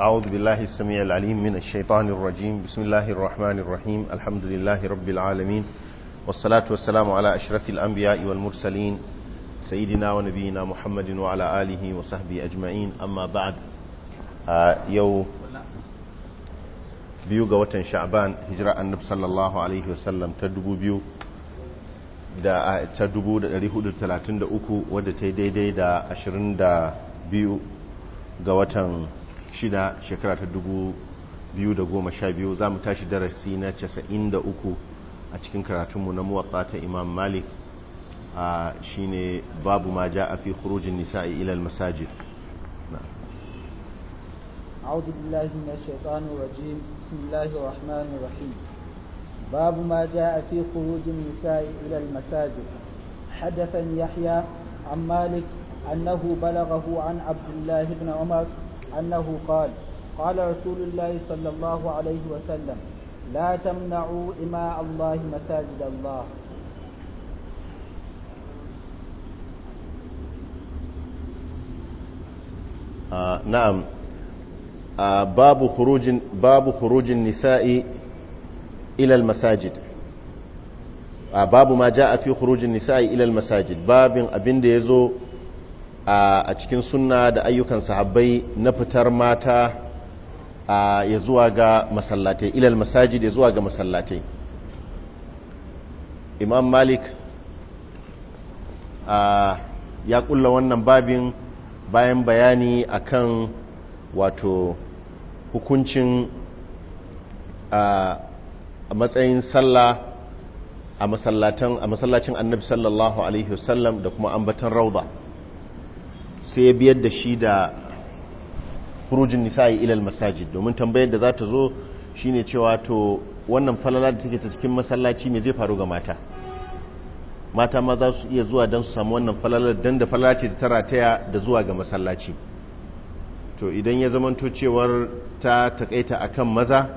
أعوذ بالله السميع العليم من الشيطان الرجيم بسم الله الرحمن الرحيم الحمد لله رب العالمين والصلاة والسلام على أشرف الأنبياء والمرسلين سيدنا ونبينا محمد وعلى آله وصحبه أجمعين أما بعد يو biyu ga watan sha'ban hijira annabi sallallahu alaihi wasallam ta dubu biyu da ta dubu da dari hudu talatin da uku wadda ta yi daidai da ashirin da biyu ga watan shida shekara ta dubu biyu da goma sha biyu za mu tashi darasi na casa'in da uku a cikin karatunmu na muwatta ta imam malik a ne babu ma ja a fi kurujin nisa nisa'i ilal masajid أعوذ na من الشيطان الرجيم بسم الله babu ma ja a fi kurujin nisa النساء ilal المساجد حدثني يحيى عن مالك أنه بلغه عن عبد الله بن عمر أنه قال قال رسول الله صلى الله عليه وسلم لا تمنعوا إماء الله مساجد الله آه نعم آه باب خروج باب خروج النساء إلى المساجد آه باب ما جاء في خروج النساء إلى المساجد باب أبن يزو a cikin sunna da ayyukan sahabbai na fitar mata ya zuwa ga masallatai ilal masajid ya zuwa ga masallatai imam malik ya kulla wannan babin bayan bayani akan wato hukuncin a matsayin sallah a masallacin annabi sallallahu alaihi wasallam da kuma ambatan rauda sai ya biyar da shi da a nisa'i ilal masajid domin tambayar da za ta zo shine cewa to wannan falala da take ta cikin masallaci me zai faru ga mata mata ma za su iya zuwa don su samu wannan falalar don da falala ce da ta rataya da zuwa ga masallaci to idan ya zamanto cewar ta takaita akan maza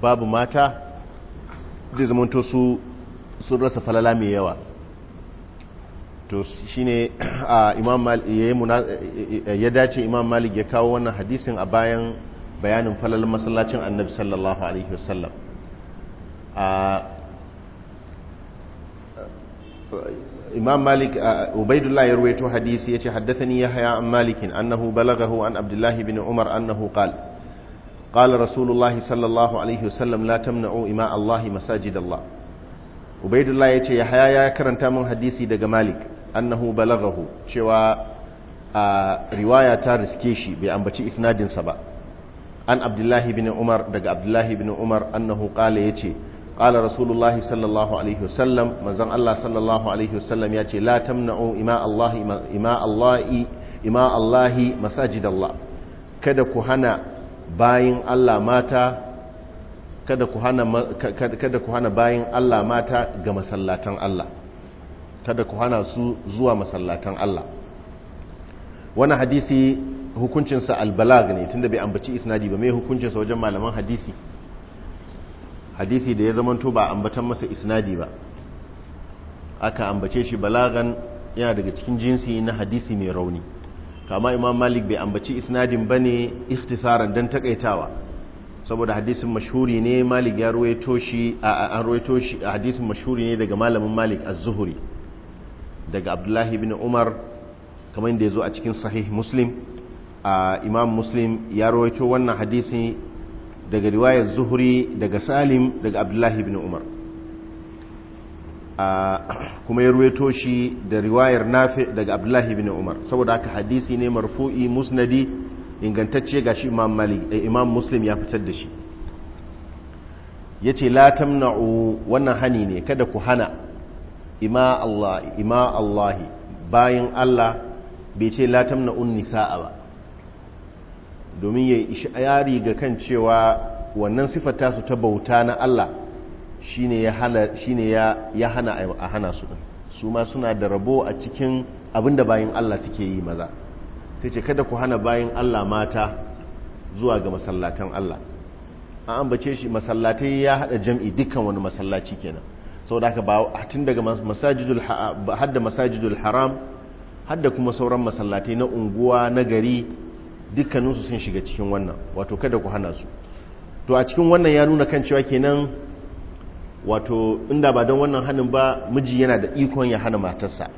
babu mata zai zamanto su sun rasa falala mai yawa to shine ne ya dace imam malik ya kawo wannan hadisin a bayan bayanin falalar masallacin annabi sallallahu alaihi wasallam imam malik ubaidullah ya ruwaito hadisi ya ce haddathani haya an malikin annahu balagahu an abdullahi bin umar annahu kal قال رسول الله صلى الله عليه وسلم لا تمنعوا إماء الله مساجد الله عبيد الله يتي يحيى يا كرنتا من حديثي دغ مالك annahu balagahu cewa a riwaya ta riske shi bai ambaci isnadinsa ba an abdullahi bin umar daga abdullahi bin umar annahu qala yace qala rasulullahi sallallahu alaihi wasallam manzon Allah sallallahu alaihi wasallam yace la tamna'u ima Allah ima Allah ima Allah masajidallah kada ku hana bayin Allah mata kada ku hana kada ku hana bayin Allah mata ga masallatan Allah kada ku hana su zuwa masallatan Allah wani hadisi hukuncinsa albalag ne tunda bai ambaci isnadi ba mai hukuncinsa wajen malaman hadisi hadisi da ya zamanto ba ambatan masa isnadi ba aka ambace shi balagan yana daga cikin jinsi na hadisi mai rauni kama imam malik bai ambaci isnadin ba ne ikhtisaran don takaitawa saboda hadisin mashuri ne malik ya ruwaito shi a hadisin mashuri ne daga malamin malik az zuhuri. daga abdullahi bin umar kamar da ya zo a cikin sahih muslim a imam muslim ya rawaito wannan hadisi daga riwayar zuhuri daga salim daga abdullahi bin umar kuma ya rawaito shi da riwayar nafi daga abdullahi bin umar saboda haka hadisi ne marfu'i musnadi ingantacce ga shi imam malik eh, imam muslim ya fitar da shi ya ce latam na'u wannan hani ne kada ku hana ima allahi bayan Allah bai ce la tamna unnisa'a ba domin ya ishari ga kan cewa wannan sifata su ta bauta na Allah shine ya hana ya hana a hana su din su ma suna da rabo a cikin abinda bayan Allah suke yi maza tace ce kada ku hana bayan Allah mata zuwa ga masallatan Allah an ambace shi masallatai ya hada jam'i dukkan wani masallaci kenan sau da aka ba tun daga masajidul hadda masajidul haram hadda kuma sauran masallatai na unguwa na gari dukkaninsu sun shiga cikin wannan wato kada ku hana su to a cikin wannan ya nuna kan cewa kenan wato inda ba don wannan hannun ba miji yana da ikon ya hana matarsa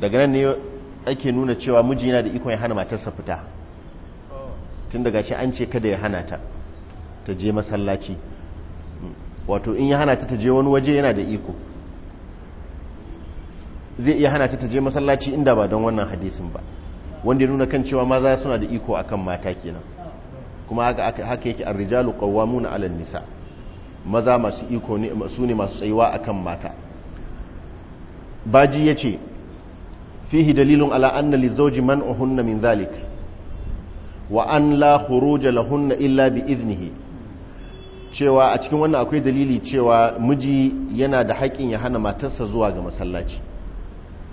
daga nan ne ake nuna cewa miji yana da ikon ya hana matarsa fita tun daga shi an ce kada ya hana ta ta je masallaci wato in ya hana ta taje wani waje yana da iko zai iya hana ta taje masallaci inda ba don wannan hadisin ba wanda ya nuna kan cewa maza suna da iko akan mata kenan kuma haka yake an rijalu qawwamuna alal nisa maza masu iko ne su ne masu tsayuwa akan mata baji ya ce fihi dalilun ala anna lizawji man'uhunna min zalik wa an la khuruja lahunna illa bi idnihi cewa a cikin wannan akwai dalili cewa miji yana da haƙƙin ya hana matarsa zuwa ga masallaci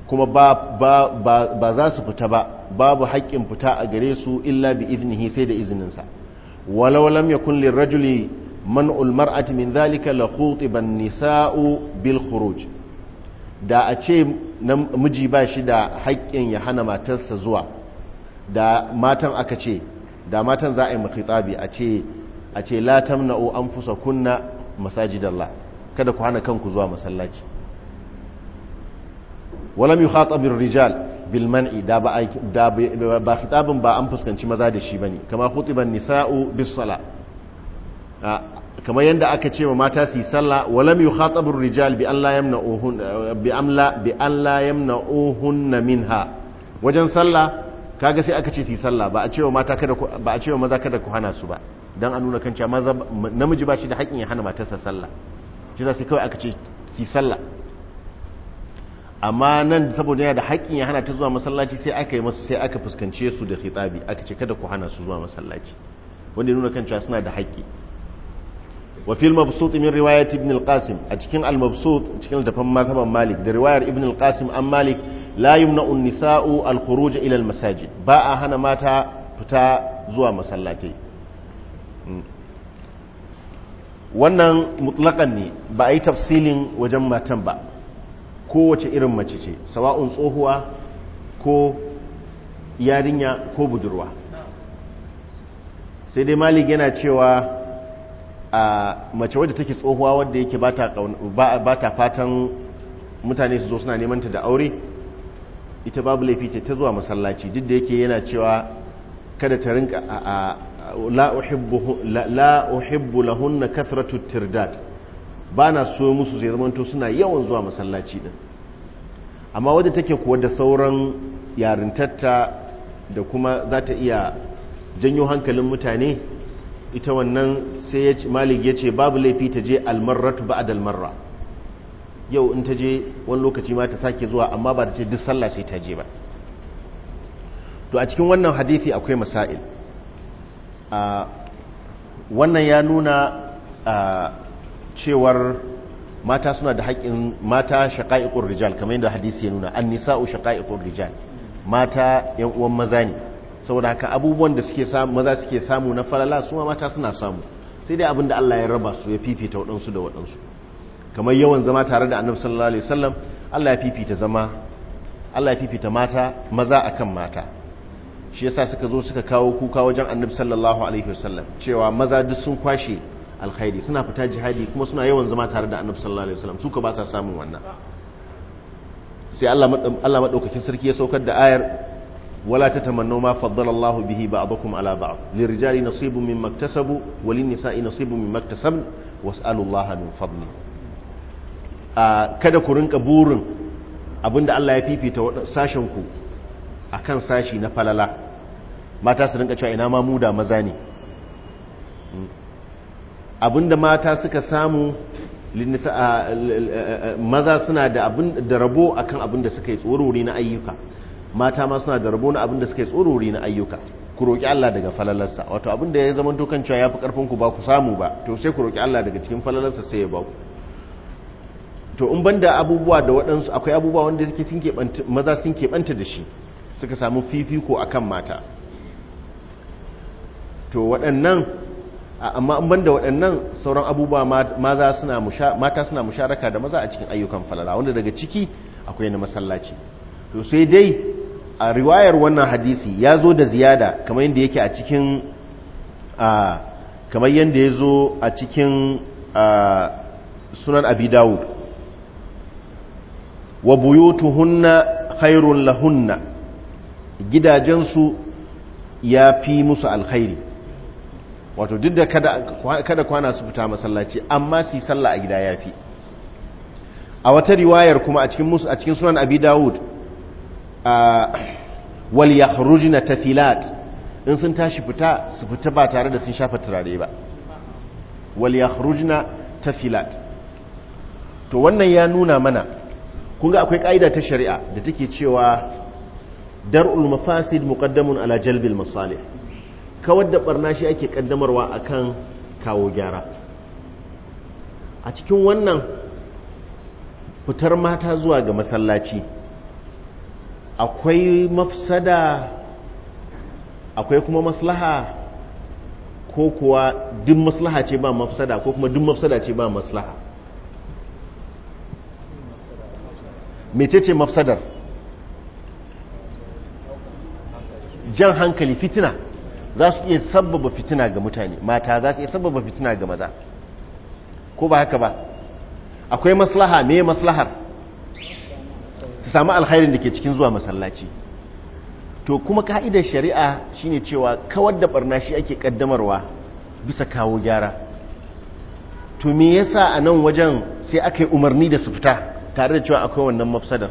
kuma ba, za su fita ba babu haƙƙin fita a gare su illa bi iznihi sai da izininsa walau ya kulle rajuli man ulmar min zalika la ban nisa'u bil khuruj da a ce miji ba shi da haƙƙin ya hana matarsa zuwa da matan aka ce da matan za a yi makhitabi a ce a ce an tamna'u anfusakunna masajidallah kada ku hana kanku zuwa masallaci walam yukhatab bin rijal bil man'i da ba ba ba an fuskanci maza da shi ba ne, kama khutiban nisa'u bis sala kamar yadda aka ce wa mata su yi sallah walam yukhatab bin rijal bi an layam yamna'uhun bi amla bi minha wajen sallah kaga sai aka ce yi sallah ba a cewa mata kada ba a cewa maza kada ku hana su ba dan a nuna kan cewa maza namiji ba shi da haƙin ya hana matarsa sallah shi sai kawai aka ce yi sallah amma nan saboda yana da haƙin ya hana ta zuwa masallaci sai aka yi masu sai aka fuskance su da khitabi aka ce kada ku hana su zuwa masallaci wanda ya nuna kan cewa suna da haƙi wa fil mabsut min riwayat ibn al-qasim a cikin al-mabsut cikin dafan mazhaban malik da riwayar ibn al-qasim an malik لا يمنع النساء al-khuruj المساجد al هنا ba a hana mata fita zuwa masallatai hmm. wannan mutlaƙan ne ba a yi tafsilin wajen matan ba kowace irin mace ce sawa'un tsohuwa ko yarinya ko budurwa sai dai malik yana cewa a mace wadda take tsohuwa wadda yake ba ta fatan mutane su zo suna neman ta da aure ita babu laifi ce ta zuwa masallaci duk da yake yana cewa kada ta rinka la uhibbu lahunna kathratu tirdad ba na so musu zai zamanto suna yawan zuwa masallaci din amma wadda take kuwa da sauran yarintatta da kuma za ta iya janyo hankalin mutane ita wannan sai malik ya ce babu laifi ta je almarratu ba'ad almarra yau in ta je wani lokaci ma ta sake zuwa amma ba da ce duk sallah sai ta je ba to a cikin wannan hadithi akwai masail wannan ya nuna cewar mata suna da haƙƙin mata shaƙa'iƙun rijal kamar yadda hadisi ya nuna an u shaƙa'iƙun rijal mata yan uwan maza ne saboda haka abubuwan da suke samu maza suke samu na falala su mata suna samu sai dai abin da Allah ya raba su ya fifita waɗansu da waɗansu kamar yawan zama tare da annabi sallallahu alaihi wasallam Allah ya fifita zama Allah ya fifita mata maza akan mata shi yasa suka zo suka kawo kuka wajen annabi sallallahu alaihi wasallam cewa maza duk sun kwashe alkhairi suna fita jihadi kuma suna yawan zama tare da annabi sallallahu alaihi wasallam suka ba sa samun wannan sai Allah Allah madaukakin sarki ya saukar da ayar wala tatamannu ma faddala Allah bihi ba'dakum ala ba'd lirijali nasibun mimma iktasabu walin nisa'i nasibun mimma iktasabn was'alu Allah min fadli kada ku rinka burin abinda Allah ya fifita sashen ku akan sashi na falala mata su rinka cewa ina ma mu da maza ne hmm. abinda mata suka samu maza suna da abin da rabo akan abin da suka yi tsorori na ayyuka mata ma suna da rabo na abin da suka yi tsorori na ayyuka ku roƙi Allah daga falalarsa wato abin da ya zama dukan cewa yafi karfin ku ba ku samu ba to sai ku roƙi Allah daga cikin falalarsa sai ya ba ku to in banda abubuwa da waɗansu akwai abubuwa wanda suke sun keɓanta maza sun keɓanta da shi suka samu fifiko a kan mata to waɗannan amma in banda waɗannan sauran abubuwa maza suna mata suna musharaka da maza a cikin ayyukan falala wanda daga ciki akwai na masallaci to sai dai a riwayar wannan hadisi ya zo da ziyada kamar yadda yake a cikin kamar yadda ya zo a cikin sunan abi dawud wa buyutuhunna khairun lahunna gidajensu ya fi musu alkhairi wato duk da kada kwana su fita masallaci amma su yi sallah a gida ya fi a wata riwayar kuma a cikin sunan abi dawud wal yakhrujna tafilat in sun tashi fita su fita ba tare da sun shafa turare ba wal yakhrujna tafilat to wannan ya nuna mana kun ga akwai ƙa'ida ta shari'a da take cewa dar'ul mafasid muqaddamun ala jalbil masalih kawar da barna shi ake kaddamarwa akan kawo gyara a cikin wannan fitar mata zuwa ga masallaci akwai mafsada akwai kuma maslaha ko kuwa duk maslaha ce ba mafsada ko kuma duk mafsada ce ba maslaha ce mafsadar jan hankali fitina za su iya sababa fitina ga mutane mata za su iya sababa fitina ga maza ko ba haka ba akwai maslaha me maslahar su samu alkhairin da ke cikin zuwa masallaci to kuma ka'idar shari'a shine cewa kawar da barna shi ake kaddamarwa bisa kawo gyara to me yasa a nan wajen sai aka yi umarni da su fita tare da cewa akwai wannan mafsadar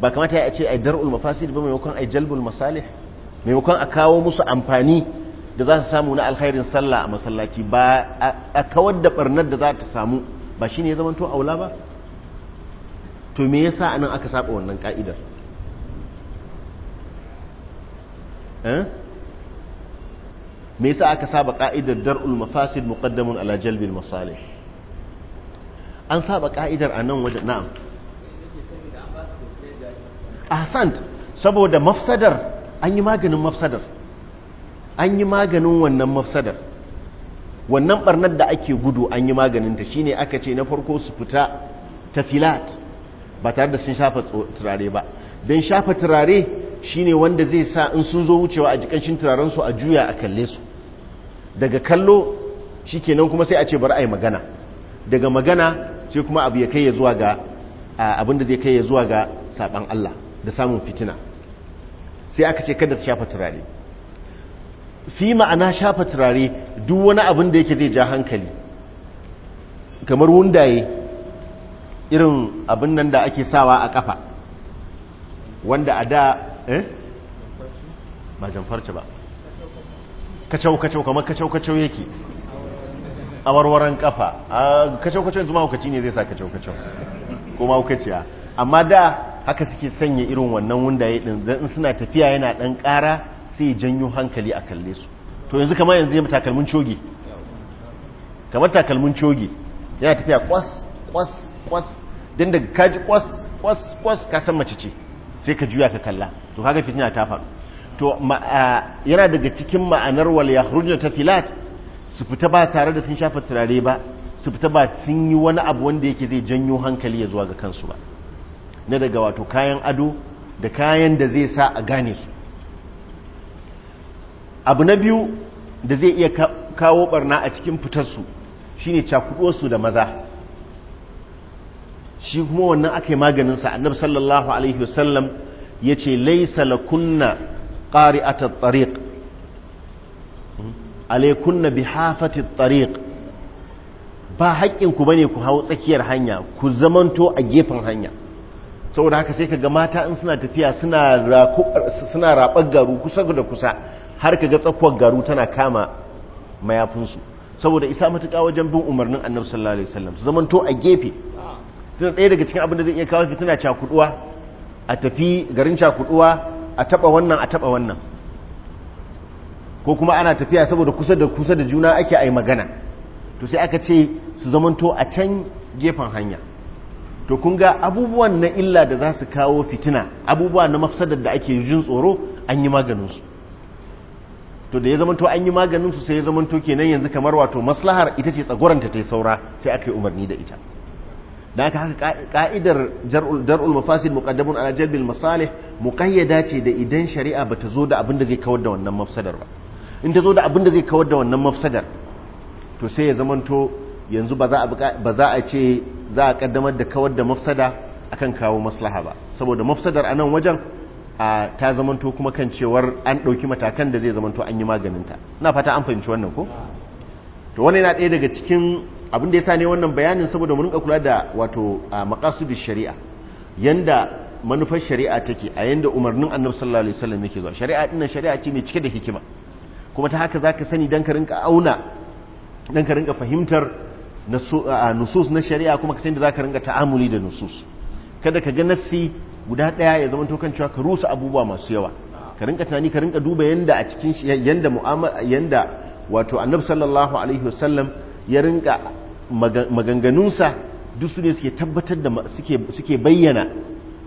ba kamata ya ce ai dar'ul mafasid ba maimakon ai jalbul masalih maimakon a kawo musu amfani da za su samu na alkhairin sallah a masallaci ba a kawar da barnar da za ta samu ba shine ya zamanto aula ba to me yasa anan aka saba wannan ka'idar eh me yasa aka saba ka'idar dar'ul mafasid muqaddamun ala jalbil masalih an saba ka'idar a nan wajen na'am ahsant saboda mafsadar an yi maganin mafsadar an yi maganin wannan mafsadar wannan barnar da ake gudu an yi maganinta shine aka ce na farko su fita ta filat ba tare da sun shafa turare ba don shafa turare shine wanda zai sa in sun zo wucewa a turaren su a juya a kalle su daga kallo shi kenan kuma sai a ce bari a yi magana daga magana sai kuma abu ya kai ya zuwa ga abinda zai kai ya zuwa ga saban Allah da samun fitina sai aka ce kada su shafa turare fi ma'ana shafa turare duk wani abin da yake zai ja hankali kamar wundaye irin abin nan da ake sawa a kafa wanda a da eh ba jamfarci ba kacau-kacau kamar kacau-kacau yake warwaran kafa a kacau-kacau yanzu mahaukaci ne zai sa kacau-kacau ko mahaukaciya amma da haka suke sanya irin wannan wunda ya ɗin zan suna tafiya yana ɗan ƙara sai janyo hankali a kalle su to yanzu kama yanzu yamma takalmin coge kamar takalmin coge yana tafiya kwas kwas kwas don da kaji kwas kwas kwas ka san mace ce sai ka juya ka kalla to kaga fitina ta faru to yana daga cikin ma'anar wal ta tafilat su fita ba tare da sun shafa turare ba su fita ba sun yi wani abu wanda yake zai janyo hankali ya zuwa ga kansu ba na daga wato kayan ado da kayan da zai sa a gane su abu na biyu da zai iya kawo barna a cikin fitarsu shine cakuduwarsu da maza shi kuma wannan aka yi maganinsa annab sallallahu alaihi wasallam ya ce laisa lakunna ƙari'atar tariq alaikunna bi hafati tariq ba ku bane ku hau tsakiyar hanya ku zamanto a gefen hanya saboda haka sai kaga mata in suna tafiya suna raɓar garu kusa da kusa har kaga tsakuwar garu tana kama mayafinsu saboda isa matuka wajen bin umarnin annabi sallallahu alaihi wasallam su zamanto a gefe tana ɗaya daga cikin abin da zai iya kawo fitina cakuduwa a tafi garin cakuduwa a taɓa wannan a taɓa wannan ko kuma ana tafiya saboda kusa da kusa da juna ake ai magana to sai aka ce su zamanto a can gefen hanya to kun ga abubuwan na illa da za su kawo fitina abubuwa na mafsadar da ake jin tsoro an yi maganinsu to da ya zamanto an yi maganinsu sai ya zamanto kenan yanzu kamar wato maslahar ita ce tsagoranta ta yi saura sai aka yi umarni da ita da aka haka ka'idar dar'ul mafasid muqaddamun ala jalbil masalih muqayyada ce da idan shari'a bata zo da abin da zai kawar da wannan mafsadar ba in ta zo da abinda da zai kawar da wannan mafsadar to sai ya zamanto yanzu ba za a ce za a kaddamar da kawar da mafsada akan kawo maslaha ba saboda mafsadar a nan wajen ta zamanto kuma kan cewar an ɗauki matakan da zai zamanto an yi maganinta na fata an fahimci wannan ko to wani yana ɗaya daga cikin abin da ya sa ne wannan bayanin saboda mu kula da wato maqasudus shari'a yanda manufar shari'a take a yanda umarnin annabi sallallahu alaihi wasallam yake zuwa shari'a dinnan shari'a ce mai cike da hikima kuma ta haka za ka sani dan ka rinka auna dan ka rinka fahimtar nusus na shari'a kuma ka sani da za ka rinka ta'amuli da nusus kada ka ga nassi guda ɗaya ya zama tokan cewa ka rusa abubuwa masu yawa ka rinka tunani ka rinka duba yanda a cikin yanda mu'amala yanda wato annabi sallallahu alaihi wasallam ya rinka maganganunsa duk su ne suke tabbatar da suke bayyana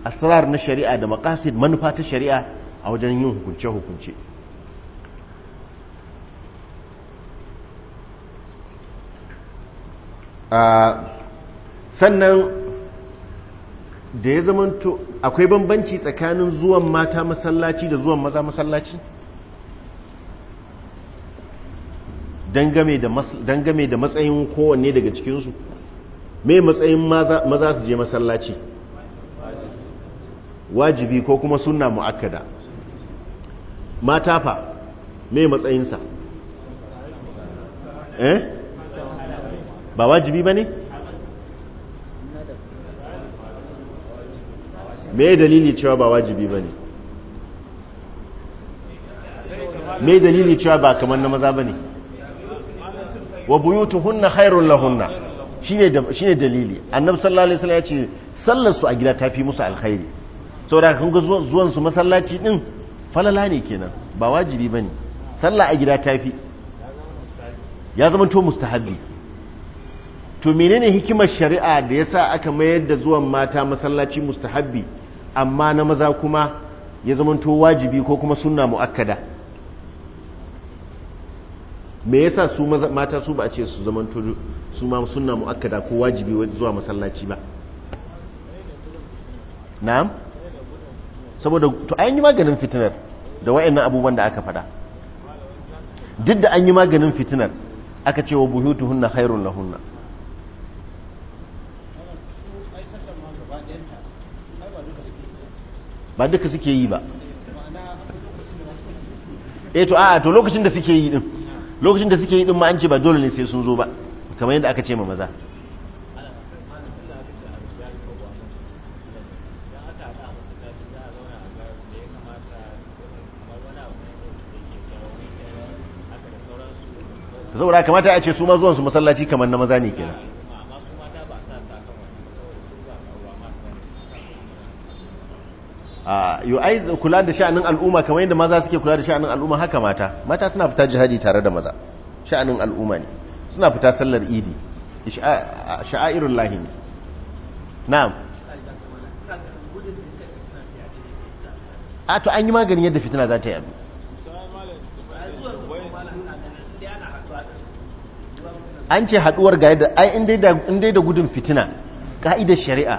asrar na shari'a da maqasid manufa ta shari'a a wajen yin hukunce-hukunce sannan da ya zamanto akwai bambanci tsakanin zuwan mata masallaci da zuwan maza masallaci dangame da matsayin kowanne daga cikinsu mai matsayin maza su je masallaci wajibi ko kuma suna mu'akkada mata fa mai matsayinsa eh ba wajibi ba ne me dalili cewa ba wajibi ba ne me dalili cewa ba kamar na maza ba ne wa buyutuhunna khairun lahunna shine dalili annab sallallahu alaihi ya ce sallarsu a gida ta fi musu alkhairi saboda kun ga zuwansu masallaci din falala ne kenan ba wajibi ba ne sallar a gida ta fi ya zama to mustahabbi to menene hikimar shari'a da yasa aka mayar da zuwan mata masallaci mustahabbi amma na maza kuma ya zamanto wajibi ko kuma sunna muakkada me yasa su mata su ba a ce su zamanto su ma sunna muakkada ko wajibi zuwa masallaci ba na'am saboda to an yi maganin fitinar da wa'annan abubuwan da aka fada duk da an yi maganin fitinar aka ce wa hairun na lahunna ba duka suke yi ba eh to a'a to lokacin da suke yi din lokacin da suke yi din ma an ce ba dole ne sai sun zo ba kamar yadda aka ce ma maza saboda kamata a ce su ma zuwansu masallaci kamar na maza ne kenan Ah, yo ai kula da sha'anin al'umma kamar yadda maza suke kula da sha'anin al'umma haka mata mata suna fita jihadi tare da maza sha'anin al'umma ne suna fita sallar idi sha'airun lahi ne na'am a to an yi maganin yadda fitina za ta yi abu an ce haduwar ga yadda ai in dai da gudun fitina ka'idar shari'a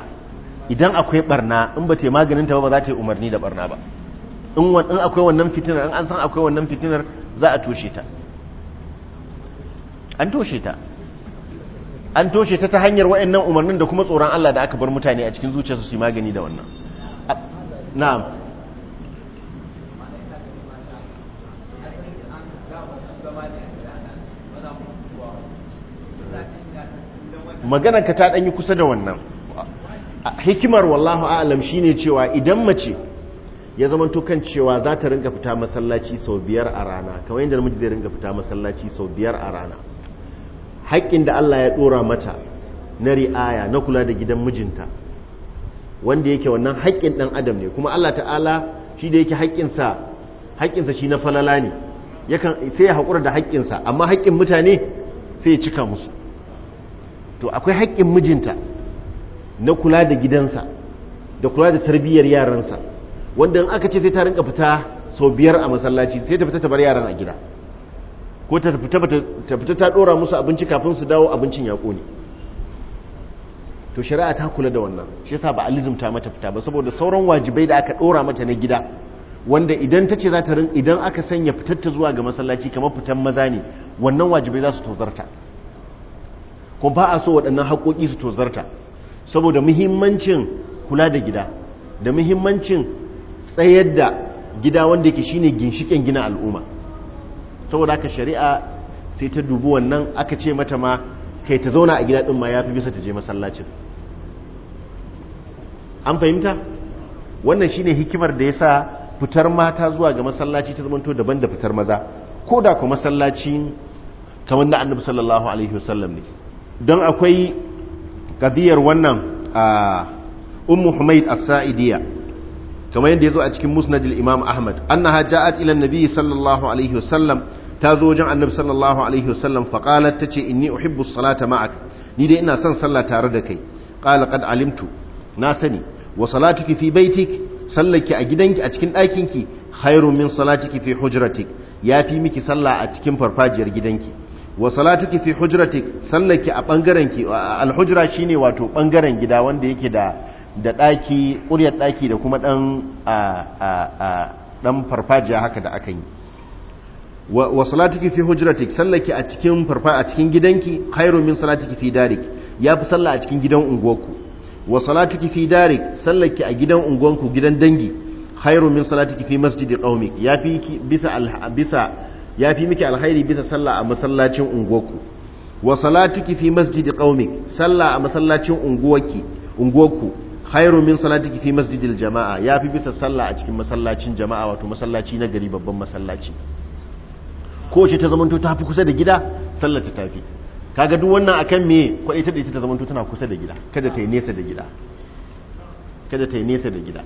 idan akwai barna in ba ta maganin ta ba za ta yi umarni da barna ba in akwai wannan fitinar in an san akwai wannan fitinar za a toshe ta an toshe ta an toshe ta ta hanyar nan umarnin da kuma tsoron Allah da aka bar mutane a cikin zuciya su yi magani da wannan na'am ka ta ɗanyi kusa da wannan hikimar wallahu a'lam shine cewa idan mace ya zama kan cewa za ta ringa fita masallaci sau biyar a rana kamar yadda namiji zai ringa fita masallaci sau biyar a rana haƙƙin da Allah ya ɗora mata na ri'aya na kula da gidan mijinta wanda yake wannan haƙƙin ɗan adam ne kuma Allah ta'ala shi da yake haƙƙinsa haƙƙinsa shi na falala ne sai ya haƙura da haƙƙinsa amma haƙƙin mutane sai ya cika musu to akwai haƙƙin mijinta na kula da gidansa da kula da tarbiyyar yaransa wanda in aka ce sai ta rinka fita sau biyar a masallaci sai ta fita ta bar yaran a gida ko ta fita ta dora musu abinci kafin su dawo abincin ya kone to shari'a ta kula da wannan shi yasa ba ta mata fita ba saboda sauran wajibai da aka dora mata na gida wanda idan ta ce za ta idan aka sanya fitar ta zuwa ga masallaci kamar fitan maza ne wannan wajibai za su tozarta ko ba a so waɗannan haƙoƙi su tozarta saboda muhimmancin kula da gida da muhimmancin tsayar da gida wanda yake shine ginshiken gina al'umma saboda haka shari'a sai ta dubi wannan aka ce mata ma kai ta zauna a gida din ma yafi bisa ta je masallacin an fahimta wannan shine hikimar da yasa fitar mata zuwa ga masallaci ta zamanto daban da fitar maza ko da ku masallaci kamar na annabi sallallahu alaihi wasallam ne don akwai kadiyar wannan ummu humayd as-sa'idiyya kamar yadda ya zo a cikin musnad al-imam ahmad annaha ja'at ila an-nabi sallallahu alaihi wasallam ta zo wajen annabi sallallahu alaihi wasallam fa qalat tace inni uhibbu as-salata ma'ak ni dai ina son sallah tare da kai qala qad alimtu na sani wa salatuki fi baitik sallaki a gidanki a cikin ɗakinki khairun min salatiki fi hujratik yafi miki sallah a cikin farfajiyar gidanki wa salatuki fi hujrati sallaki a bangaren ki alhujra shine wato bangaren gida wanda yake da da daki ƙuryar daki da kuma dan a dan farfajiya haka da akan yi wa salatuki fi hujrati sallaki a cikin farfa a cikin gidanki khairu min salatuki fi darik yafi salla a cikin gidan unguwarku wa salatuki fi darik sallaki a gidan unguwanku gidan dangi khairu min salatuki fi masjidi qaumik yafi bisa bisa ya fi miki alkhairi bisa sallah a masallacin unguwarku wa salatuki fi masjidi qaumik sallah a masallacin unguwarki unguwarku khairu min salatiki fi masjidil jama'a ya fi bisa sallah a cikin masallacin jama'a wato masallaci na gari babban masallaci ko ce ta zamanto ta fi kusa da gida sallar ta tafi kaga duk wannan akan me ko ita da ita ta zamanto tana kusa da gida kada ta yi nesa da gida kada ta yi nesa da gida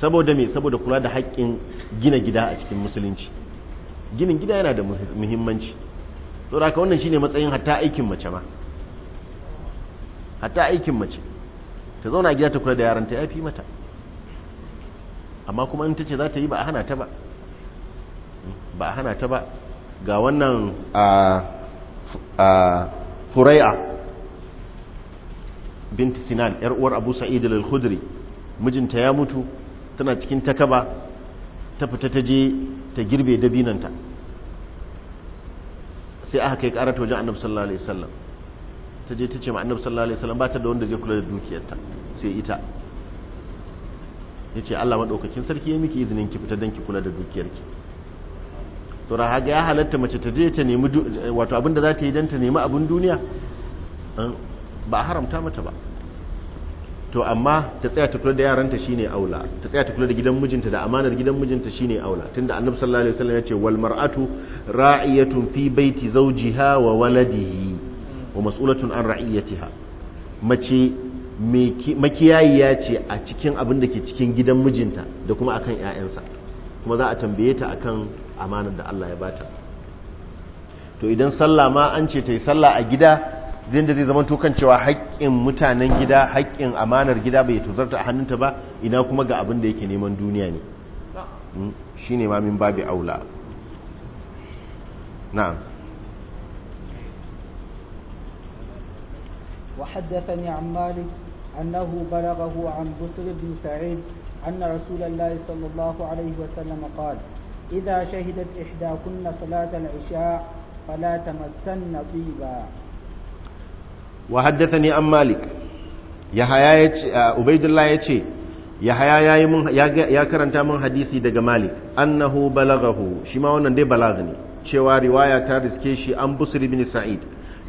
saboda me saboda kula da haƙƙin gina gida a cikin musulunci ginin gida yana da muhimmanci to da wannan shine matsayin hatta aikin mace ma hatta aikin mace ta zauna a gida ta kula da yaranta ya fi mata amma kuma in ta ce za ta yi ba a hana ta ba ba a hana ta ba ga wannan a furai'a binti sinan yar uwar abu sa'id al mijinta ya mutu tana cikin takaba ta fita ta je ta girbe dabinanta sai aka kai ta wajen annabu sallallahu alaihi wasallam ta je ta ce ma annabu sallallahu alaihi wasallam ba ta da wanda zai kula da dukiyarta sai ita yace Allah madaukakin sarki ya miki izinin ki fita dan ki kula da dukiyarki to ra haga ya halatta mace ta je ta nemi wato abinda za ta yi dan ta nemi abin duniya ba haramta mata ba to amma ta tsaya ta kula da yaranta shine aula ta tsaya ta kula da gidan mijinta da amanar gidan mijinta shine aula tunda annabi sallallahu alaihi wasallam yace wal mar'atu ra'iyatun fi baiti zawjiha wa waladihi wa mas'ulatun an ra'iyatiha mace makiyayiya ce a cikin abin da ke cikin gidan mijinta da kuma akan ƴaƴansa kuma za a tambaye ta akan amanar da Allah ya bata to idan sallah ma an ce tayi sallah a gida zai da zai zama tukan cewa haƙƙin mutanen gida haƙƙin amanar gida bai tuzarta a hannunta ba ina kuma ga abin da yake neman duniya ne hmm? shi ne mamin babi aula na'am وحدثني عن مالك أنه بلغه عن بسر بن سعيد أن رسول الله صلى الله عليه وسلم قال إذا شهدت إحداكن صلاة العشاء فلا تمسن طيبا wa haddata ni an malik yahaya yace ubaidullah yace yahaya ya karanta mun hadisi daga malik annahu balagahu shi ma wannan dai balaga ne cewa riwaya ta riske shi an busri ibn sa'id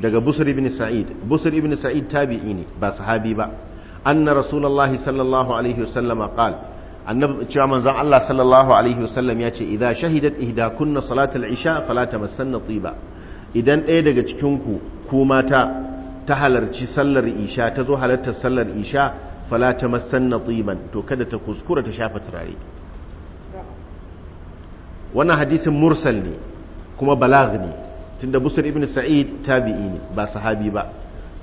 daga busri ibn sa'id busri ibn sa'id tabi'i ne ba sahabi ba anna rasulullahi sallallahu alaihi wasallam qala annabi cewa manzon Allah sallallahu alaihi wasallam ya ce idza shahidat ihda kunna salatul isha fala tamassanna tiba idan ɗaya daga cikin ku ku mata ta halarci sallar isha ta zo halartar sallar isha fala ta masanna tsiman to kada ta kuskura ta shafa turare wannan hadisin mursal ne kuma balag ne tunda busur ibn sa'id tabi'i ne ba sahabi ba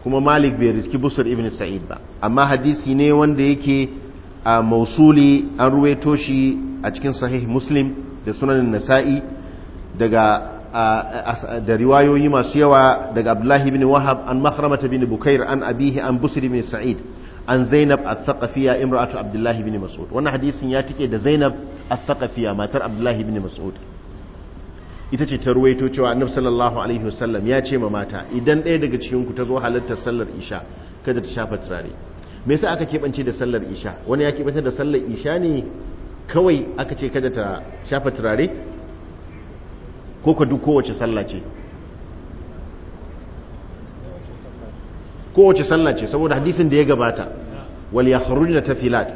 kuma malik bai riski busur ibn sa'id ba amma hadisi ne wanda yake a mausuli an ruwaito shi a cikin sahih muslim da sunanin nasa'i daga da riwayoyi masu yawa daga abdullahi bin wahab an makaramata bin bukair an abihi an Busiri bin sa'id an zainab a thaqafiya imratu abdullahi bin mas'ud wannan hadisin ya tike da zainab a thaqafiya matar abdullahi bin mas'ud ita ce ta ruwaito cewa annabi sallallahu alaihi wasallam ya ce ma mata idan ɗaya daga cikin ku ta zo halartar sallar isha kada ta shafa turare me yasa aka keɓance da sallar isha wani ya keɓance da sallar isha ne kawai aka ce kada ta shafa turare ko ka duk kowace sallah ce kowace sallah ce saboda hadisin da ya gabata wal yakhrujna tafilat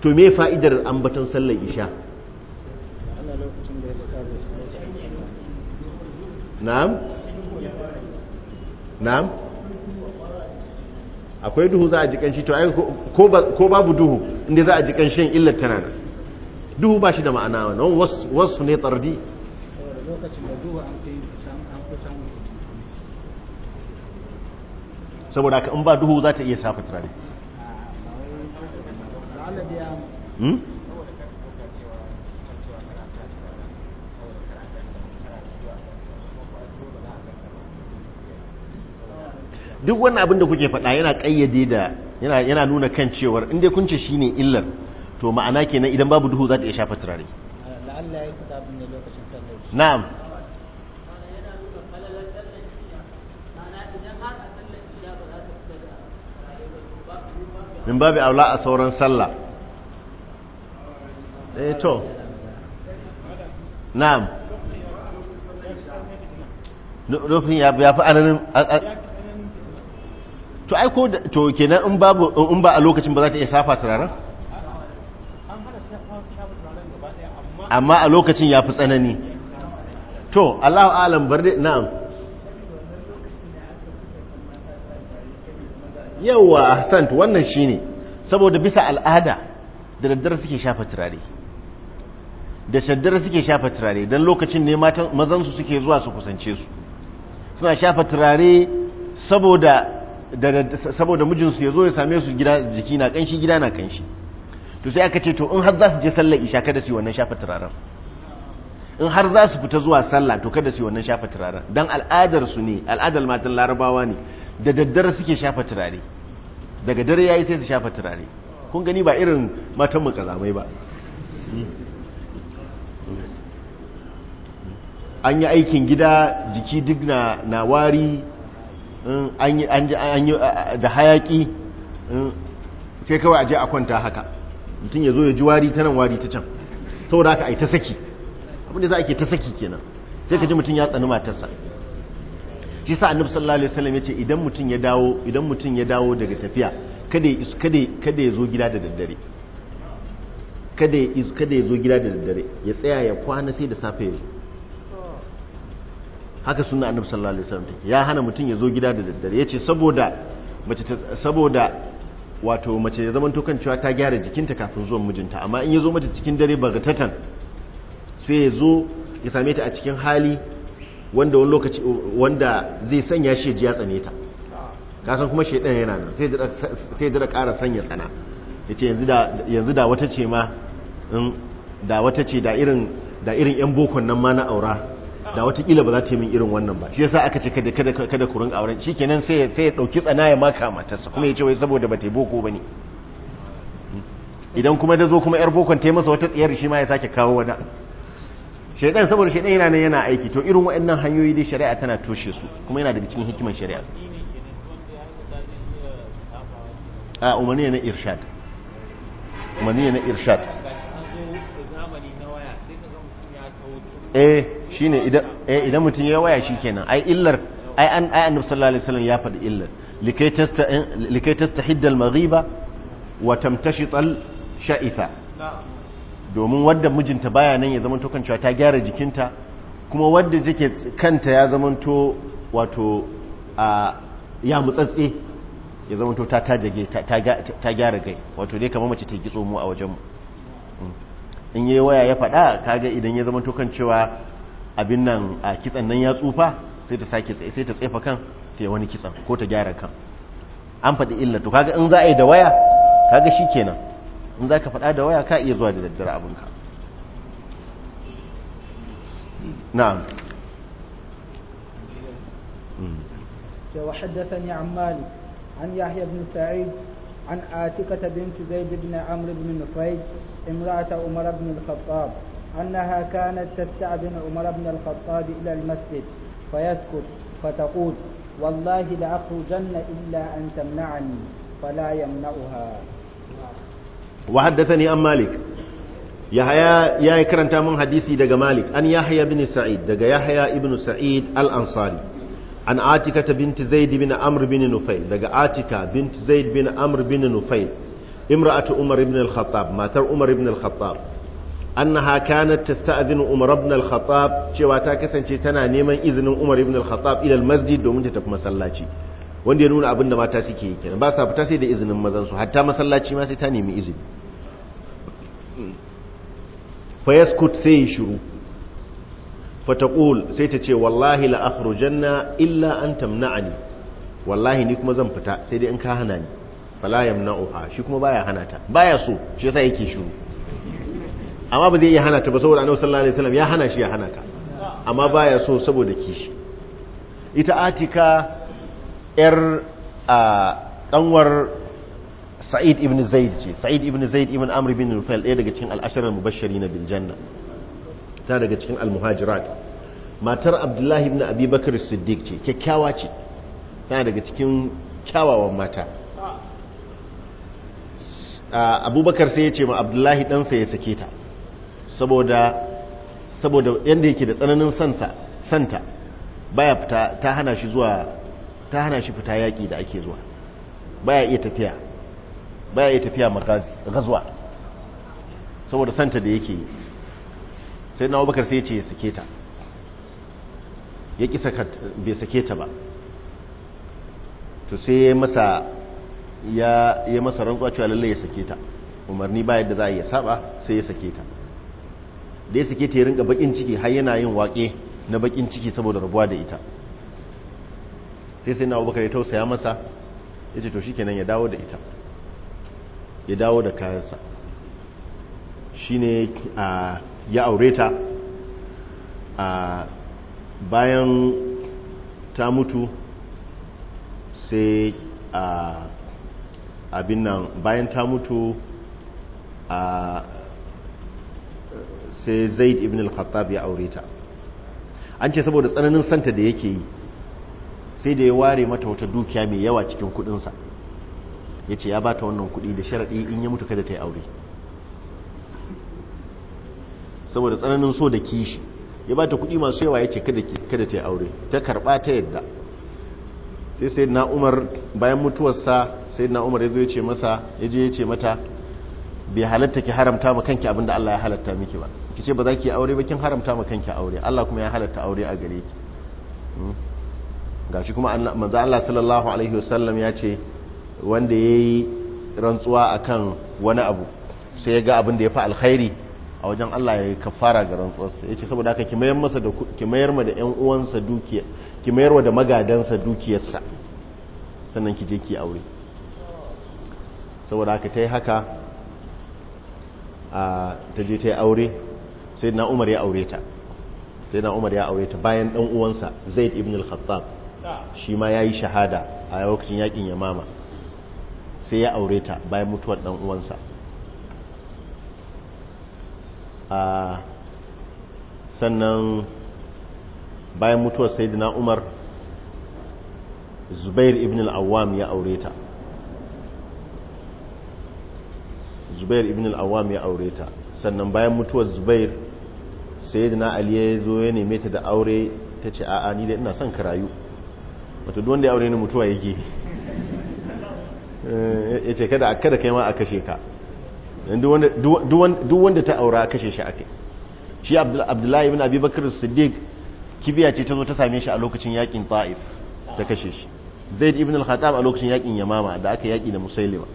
to me fa'idar batun sallar isha na'am na'am akwai duhu za a ji kanshi to ai ko babu duhu inda za a ji kanshin illar tana duhu ba shi da ma'ana wani wasu ne tsardi. saboda ka in ba duhu za ta iya shafa turare hmm? duk wannan abin da kuke faɗa yana ƙayyade da yana nuna kan cewar inda kunce ce ne illar to ma'ana kenan idan babu duhu za ta iya shafa turare na'am min babu aula a sauran sallah eh to na'am lokacin ya fi ananin to ai ko to kenan in babu in ba a lokacin ba za ta iya safa turaren amma a lokacin ya fi tsanani to Allahu alam bar dai na'am yawa ahsant wannan shine saboda bisa al'ada da daddare suke shafa turare da shaddare suke shafa turare don lokacin ne mazan su suke zuwa su kusance su suna shafa turare saboda saboda mijinsu ya zo ya same su gida jiki na kanshi gida na kanshi to sai aka ce to in har za su je sallar isha kada su yi wannan shafa turaren in har za su fita zuwa sallah to kada su yi wannan shafa turaren don al'adar su ne al'adar matan larabawa ne da daddare suke shafa turare daga dare yayi sai su shafa turare kun gani ba irin matan mu kazamai ba an yi aikin gida jiki duk na wari an yi da hayaki sai kawai aje a kwanta haka mutum ya zo ya ji wari ta nan wari ta can saboda haka ai ta saki abinda za a ke ta saki kenan sai ka ji mutum ya tsani matarsa shi sa annabi sallallahu alaihi wasallam yace idan mutum ya dawo idan mutum ya dawo daga tafiya kada kada kada ya zo gida da daddare kada ya kada ya zo gida da daddare ya tsaya ya kwana sai da safe haka sunna annabi sallallahu alaihi wasallam take ya hana mutum ya zo gida da daddare yace saboda mace saboda wato mace ya zamanto kan cewa ta gyara jikinta kafin zuwan mijinta amma in ya zo mata cikin dare bagatatan sai ya zo ya same ta a cikin hali wanda wani lokaci wanda zai sanya shi ji ya tsane ta kasan kuma shaidan yana nan sai da ƙara sanya tsana ya ce yanzu da wata ce ma da wata ce da irin yan bokon nan ma na aura da wata kila ba za ta yi min irin wannan ba shi yasa aka ce kada kada kurin auren shi kenan sai ya dauki tsana ya maka matarsa kuma ya ce wai saboda ba ta boko ne idan kuma da zo kuma yar bokon ta yi masa wata tsiyar shi ma ya sake kawo wani shaidan saboda shaidan yana nan yana aiki to irin waɗannan hanyoyi dai shari'a tana toshe su kuma yana daga cikin hikimar shari'a a umarni na irshad umarni na irshad eh shine idan eh, idan mutum ya waya shikenan ai illar ai an ai annabi sallallahu alaihi wasallam ya faɗi illar likai tasta eh, likai tastahid al maghiba wa al sha'itha domin wadda mijinta baya nan ya zama tokan cewa ta gyara jikinta kuma wadda take kanta ya to wato a ya mutsatse ya to ta tajage ta gyara gai wato dai kamar mace ta gitso mu a wajenmu mm. in yi waya ya faɗa kaga idan ya zama tokan cewa abin nan a kitsan nan ya tsufa sai ta sake sai ta tsefa kan ta yi wani kitsan ko ta gyara kan an faɗi illa to kaga in za a yi da waya kaga shi kenan in za ka faɗa da waya ka iya zuwa da daddare abinka na'am وحدثني عن مالك عن يحيى بن سعيد عن آتكة بنت زيد بن عمرو بن نفيج امرأة عمر بن الخطاب أنها كانت تستأذن عمر بن الخطاب إلى المسجد فيسكت فتقول والله لأخرجن إلا أن تمنعني فلا يمنعها wa haddathani an malik yahaya ya karanta min hadisi daga malik an yahya ibn sa'id daga yahya ibn sa'id al-ansari an atika binti zaid bin amr bin Nufayl daga atika binti zaid bin amr bin nufail imra'atu umar ibn al-khattab matar umar ibn al-khattab annaha kanat tasta'dhinu umar ibn al-khattab cewa ta kasance tana neman izinin umar ibn al-khattab ila al-masjid domin ta tafi masallaci wanda ya nuna abinda mata suke yi kenan ba sa fita sai da izinin mazan su hatta masallaci ma sai ta nemi izini fa yaskut sai shiru fa taqul sai ta ce wallahi la akhrujanna illa an tamna'ani wallahi ni kuma zan fita sai dai in ka hana ni fala yamna'uha shi kuma baya hana ta baya so shi yasa yake shiru amma ba zai iya hana ta ba saboda annabi sallallahu alaihi wasallam ya hana shi ya hana ta amma baya so saboda kishi ita atika 'yar a ƙanwar sa'id ibn zaid ce sa'id ibn zaid ibn amri bin nufail ɗaya daga cikin al'ashirar mubashari na biljanna ta daga cikin almuhajirat matar abdullahi ibn abubakar siddiq ce kyakkyawa ce tana daga cikin kyawawan mata abubakar sai ya ce ma abdullahi ɗansa ya sake ta saboda saboda yadda yake da tsananin santa baya fita ta hana shi zuwa ta hana shi fita yaƙi da ake zuwa baya iya tafiya baya iya tafiya magazi gazuwa saboda santa da yake yi sai na abubakar sai ya ce ya sake ta ya ƙi bai sake ta ba to sai ya masa ya yi masa rantsuwa cewa lallai ya sake ta umarni ba yadda za a yi saba sai ya sake ta da ya sake ta ya rinka bakin ciki har yana yin waƙe na bakin ciki saboda rabuwa da ita sai sai na abubakar ya tausaya masa ya ce to shi kenan ya dawo da ita ya dawo da kayansa shi ne ya aure ta bayan ta mutu sai abin nan bayan ta mutu sai zaid ibn al-khattab ya aure ta an ce saboda tsananin santa da yake yi sai da ya ware mata wata dukiya mai yawa cikin kudinsa ya ce ya bata wannan kudi da sharaɗi in ya mutu kada ta yi aure saboda tsananin so da kishi ya bata kudi masu yawa ya ce kada ta yi aure ta karɓa ta yadda sai sai na umar bayan mutuwarsa sai na umar ya zo ya ce je ya ce mata bai halatta ki haramta ma kanki abinda Allah ya halatta miki ba ki ce ba za ki aure ba kin haramta ma kanki aure Allah kuma ya halatta aure a gare ki hmm? gashi kuma manzo Allah sallallahu alaihi wasallam ya ce wanda yayi rantsuwa akan wani abu sai ya ga abin da ya fi alkhairi a wajen Allah ya kafara ga rantsuwarsa yace saboda haka ki mayar masa da ki mayar ma da ƴan uwansa dukiya ki mayar wa da magadansa dukiyarsa sannan ki je ki aure saboda haka yi haka a ta tayi aure sai na Umar ya aure ta sai na Umar ya aure ta bayan ɗan uwansa Zaid ibn al-Khattab shi ma ya yi shahada a lokacin yakin yamama sai ya aure ta bayan mutuwar ɗan uwansa a sannan bayan mutuwar sayidina umar zubair ibn al-awwam ya aure ta zubair ibn al-awwam ya aure ta sannan bayan mutuwar zubair sayidina ali ya zo ya neme ta da aure ta ce a'a ni da ina son ka rayu wato duwan da ya aure ni mutuwa ya yake eh, ya ce kada kada kai ma a kashe ka duk wanda ta aura a kashe shi ake shi abdullahi ibn abubakar Sadiq siddiq kibiya ce ta zo ta same shi a lokacin yakin ta'if ta kashe shi zaid ibn al-khattab a lokacin yakin yamama da aka yaki da musailima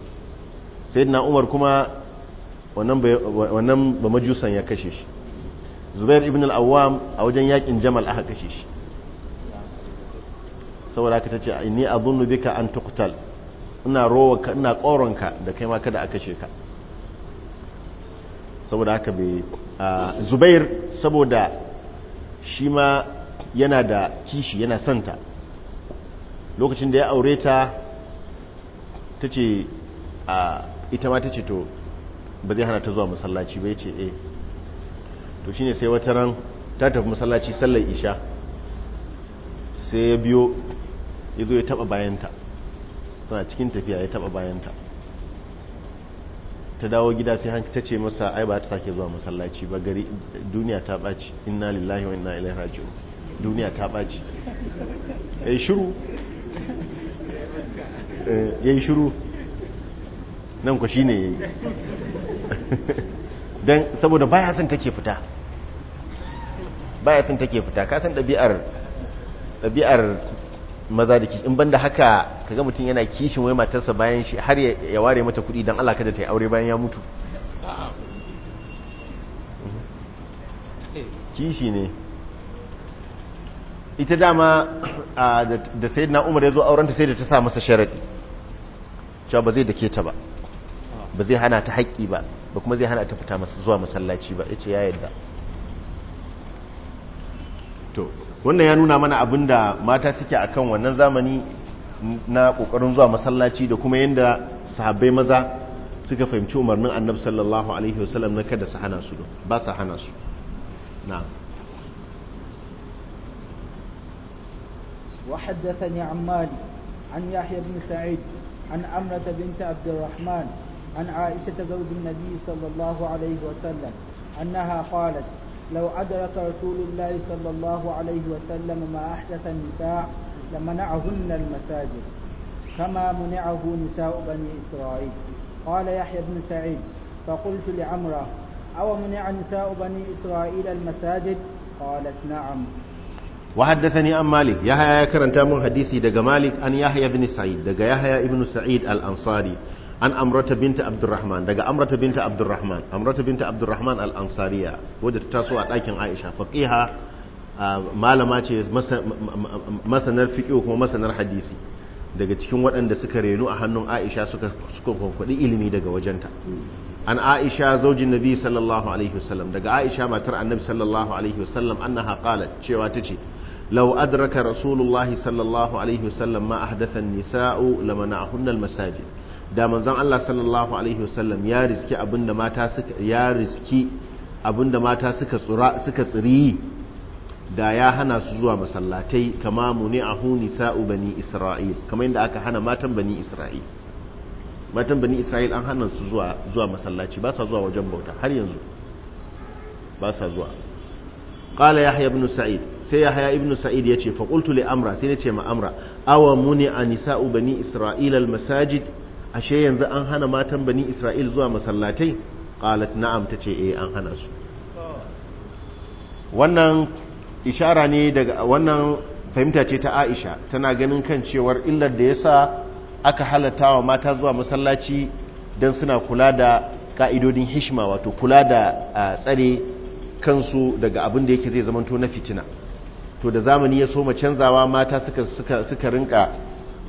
sayyidina umar kuma wannan ba majusan ya kashe shi zubair ibn al-awwam a wajen yakin jamal aka kashe shi saboda ka tace ni adhunnu bika an tuqtal ina rowa ka ina koronka da kai ma kada aka kashe ka saboda haka bai Zubair saboda shi ma yana da kishi yana santa lokacin da ya aure ta tace ita ma tace to ba zai hana ta zuwa masallaci ba yace eh to shine sai wata ran ta tafi masallaci sallar isha sai ya biyo ya zo ya taba bayanta tana cikin tafiya ya taba bayanta ta dawo gida sai hanki ta ce masa ai ba ta sake zuwa masallaci ba gari duniya ta ɓaci inna lillahi wa inna ilaihi raji'un duniya ta ɓaci yayi shiru eh, yayi shiru nan ku shine yayi dan saboda baya son take fita baya son take fita ka san ɗabi'ar ɗabi'ar maza da kishi in banda haka ka ga mutum yana kishin wai matarsa bayan shi har ya ware mata kuɗi don Allah kada ta yi aure bayan ya mutu kishi ne ita dama da sayyidina Umar ya zo aurenta sai da ta sa masa sharadi cewa ba zai dake ta ba ba zai hana ta haƙƙi ba ba kuma zai hana ta fita zuwa masallaci ba yace ya yadda to wannan ya nuna mana abin da mata suke a kan wannan zamani na ƙoƙarin zuwa masallaci da kuma yadda sahabbai maza suka fahimci umarnin annab sallallahu alaihi wasallam na kada su hana su ba su hana su na وحدثني عن مالك عن يحيى بن سعيد عن أمرة بنت عبد الرحمن عن عائشة زوج النبي صلى الله عليه وسلم أنها قالت لو أدرك رسول الله صلى الله عليه وسلم ما أحدث النساء لمنعهن المساجد كما منعه نساء بني إسرائيل قال يحيى بن سعيد فقلت لعمرة أو منع نساء بني إسرائيل المساجد قالت نعم وحدثني أم مالك يحيى كرنت من حديثي دق مالك أن يحيى بن سعيد دق يحيى ابن سعيد الأنصاري an amrata binta abdurrahman daga amrata binta abdurrahman amrata binta abdurrahman al-ansariya wadda ta taso a ɗakin aisha faqiha malama ce masanar fiqh kuma masanar hadisi daga cikin waɗanda suka renu a hannun aisha suka suka ilimi daga wajenta an aisha zaujin nabi sallallahu alaihi wasallam daga aisha matar annabi sallallahu alaihi wasallam annaha qalat cewa tace law adraka rasulullahi sallallahu alaihi wasallam ma ahdatha an-nisa'u lamana'ahunna al-masajid da manzon Allah sallallahu alaihi wasallam ya riski abinda mata suka ya riski abinda mata suka tsura suka tsiri da ya hana su zuwa masallatai kama muni ahu nisa'u bani isra'il kamar yadda aka hana matan bani isra'il matan bani isra'il an hana su zuwa zuwa masallaci ba sa zuwa wajen bauta har yanzu ba sa zuwa qala yahya ibn sa'id sai yahya ibn sa'id yace fa qultu li amra sai nace ma amra awa muni anisa'u bani isra'il al masajid ashe yanzu an hana matan bani isra'il zuwa masallatai qalat na'am tace eh an hana su wannan ishara ne daga wannan fahimta ce ta Aisha tana ganin kan cewar illar da yasa aka halatta wa mata zuwa masallaci dan suna kula da ka'idodin hishma wato kula da tsare kansu daga abin da yake zai zamanto na fitina to da zamani ya soma canzawa mata suka suka suka rinka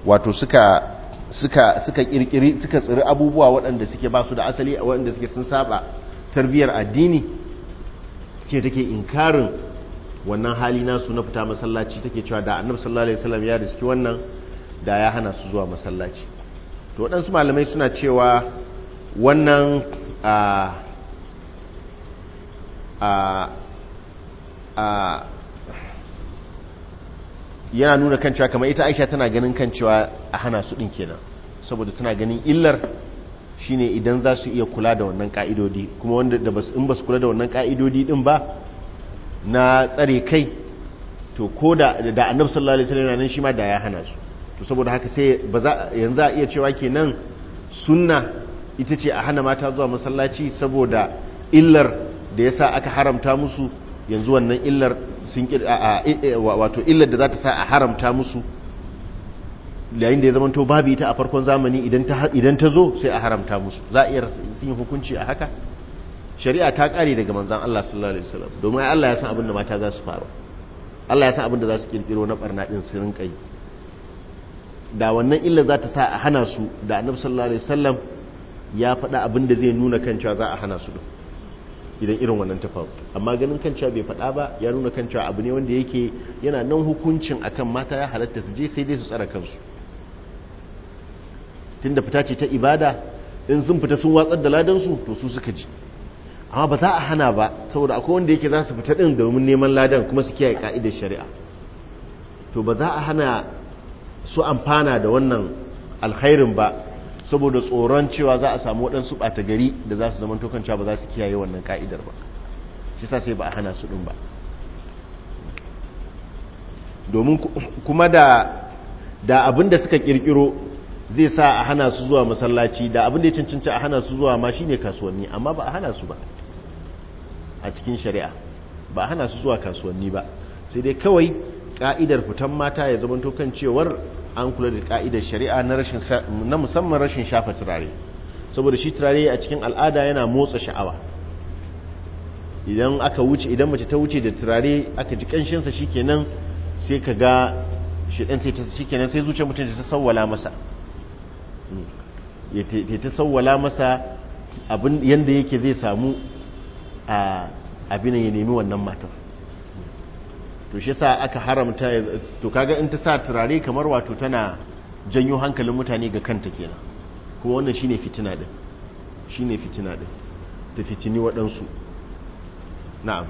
wato suka suka suka kirkiri suka tsiri abubuwa waɗanda suke ba su da asali a waɗanda suke sun saba tarbiyyar addini ce take inkarin wannan hali nasu na fita masallaci take cewa da annabi sallallahu alaihi wasallam ya riski wannan da ya hana su zuwa masallaci to waɗansu malamai suna cewa wannan a a yana nuna kan cewa kamar ita aisha tana ganin kan cewa a hana su ɗin kenan saboda tana ganin illar shine idan za su iya kula da wannan ka'idodi kuma wanda da in ba su kula da wannan ka'idodi din ba na tsare kai to ko da da annab sallallahu alaihi wasallam nan shi ma da ya hana su to saboda haka sai ba za yanzu a iya cewa kenan sunna ita ce a hana mata zuwa masallaci saboda illar da yasa aka haramta musu yanzu wannan illar sun wato illar da za ta sa a haramta musu yayin da ya zama to babu ita a farkon zamani idan ta zo sai a haramta musu za a iya sun yi hukunci a haka shari'a ta ƙare daga manzan Allah sallallahu alaihi wasallam domin Allah ya san abin da mata za su fara Allah ya san abin da za su kirkiro na barna din su rinka yi da wannan illa za ta sa a hana su da annabi sallallahu alaihi wasallam ya faɗa abin da zai nuna kan cewa za a hana su din idan irin wannan ta faru amma ganin cewa bai faɗa ba ya nuna cewa abu ne wanda yake yana nan hukuncin akan mata ya halatta su je sai dai su tsara kansu tunda fita ce ta ibada in sun fita sun watsar da ladansu to su suka ji amma ba za a hana ba saboda akwai wanda yake za su fita din domin neman ladan kuma su kiyaye ka'idar shari'a to ba za a hana su amfana da wannan alkhairin ba saboda tsoron cewa za a samu waɗansu ɓata gari da za su zama cewa ba za su kiyaye wannan ka'idar ba shi sa sai ba a hana su ɗin ba domin kuma da da abin da suka ƙirƙiro zai sa a hana su zuwa masallaci da abin da ya cancanci a hana su zuwa ma shine kasuwanni amma ba a hana su ba a cikin shari'a ba a hana su zuwa kasuwanni ba sai dai kawai ka'idar fitan mata ya zama tokan cewar an kula da ka'idar shari'a na musamman rashin shafa turare saboda shi turare a cikin al'ada yana motsa sha'awa idan aka wuce idan mace ta wuce da turare aka ji kanshinsa shikenan sai ka ga shidan sai ta shikenan sai zuciyar mutum ta sawwala masa ya ta sawwala masa abin yake zai samu a abin ya nemi wannan matar to shi sa aka haramta to kaga in ta sa turare kamar wato tana janyo hankalin mutane ga kanta kenan kuma wannan shine fitina din shine fitina din ta fitini waɗansu na'am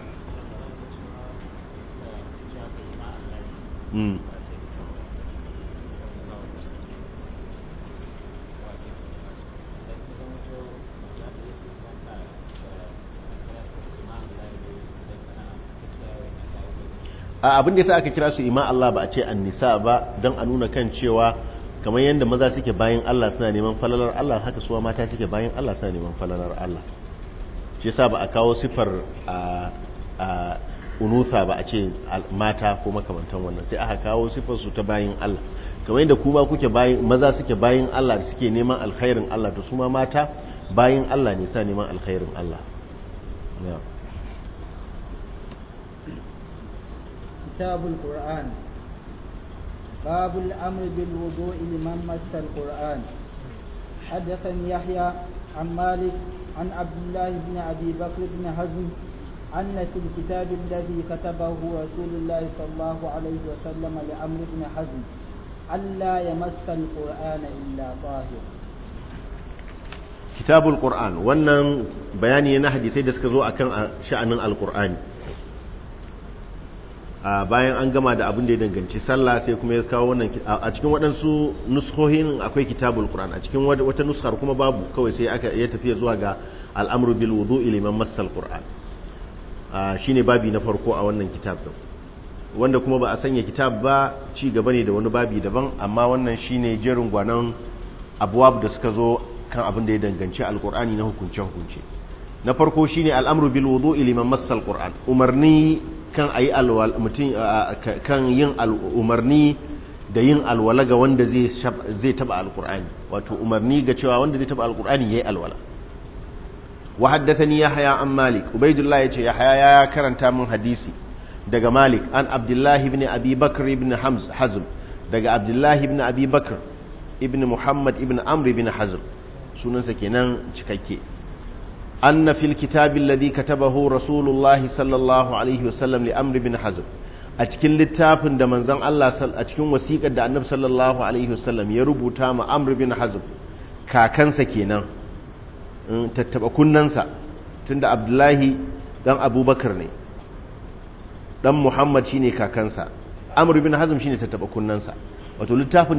hmm. abin da yasa aka kira su ima Allah ba a ce annisa ba don a nuna kan cewa kamar yadda maza suke bayan Allah suna neman falalar Allah haka suwa mata suke bayan Allah suna neman falalar Allah ce sa ba a kawo sifar a unutha ba a ce mata ko makamantan wannan sai aka kawo sifar su ta bayan Allah kamar yadda kuma kuke bayan maza suke bayan Allah da suke neman alkhairin Allah to su ma mata bayan Allah ne sa neman alkhairin Allah yeah. كتاب القرآن باب الأمر بالوضوء لمن مس القرآن حدثني يحيى عن مالك عن عبد الله بن أبي بكر بن حزم أن في الكتاب الذي كتبه رسول الله صلى الله عليه وسلم لأمر بن حزم ألا يمس القرآن إلا طاهر kitabul qur'an wannan bayani na hadisai da suka zo akan sha'anin alqur'ani bayan an gama da abin da ya danganci sallah sai kuma ya kawo wannan a cikin waɗansu nuskohin akwai kitabul qur'an a cikin wata nuskar kuma babu kawai sai aka ya tafiya zuwa ga al'amru bil wudu'i liman massal qur'an shine babi na farko a wannan kitab din wanda kuma ba a sanya kitab ba ci gaba ne da wani babi daban amma wannan shine jerin gwanon abuwab da suka zo kan abin da ya danganci alqur'ani na hukunce hukunce na farko shine al'amru bil wudu'i liman massal qur'an umarni kan ayi alwal mutum kan yin umarni da yin alwala ga wanda zai zai taba alqur'ani wato umarni ga cewa wanda zai taba alqur'ani yayi alwala wa haddathani yahya an malik ubaidullah yace yahya ya karanta min hadisi daga malik an abdullahi ibn abi bakr ibn hamz hazm daga abdullahi ibn abi bakr ibn muhammad ibn amr ibn hazm sunansa kenan cikakke أن في الكتاب الذي كتبه رسول الله صلى الله عليه وسلم لأمر بن حزم أتكن للتافن دا منزان الله صلى أتكن وسيقة دا النب صلى الله عليه وسلم يربو تام أمر بن حزم كاكن سكينا تتبع كننسا تند عبد الله دان أبو بكر ني دان محمد شيني كاكنسا أمر بن حزم شيني تتبع كننسا wato littafin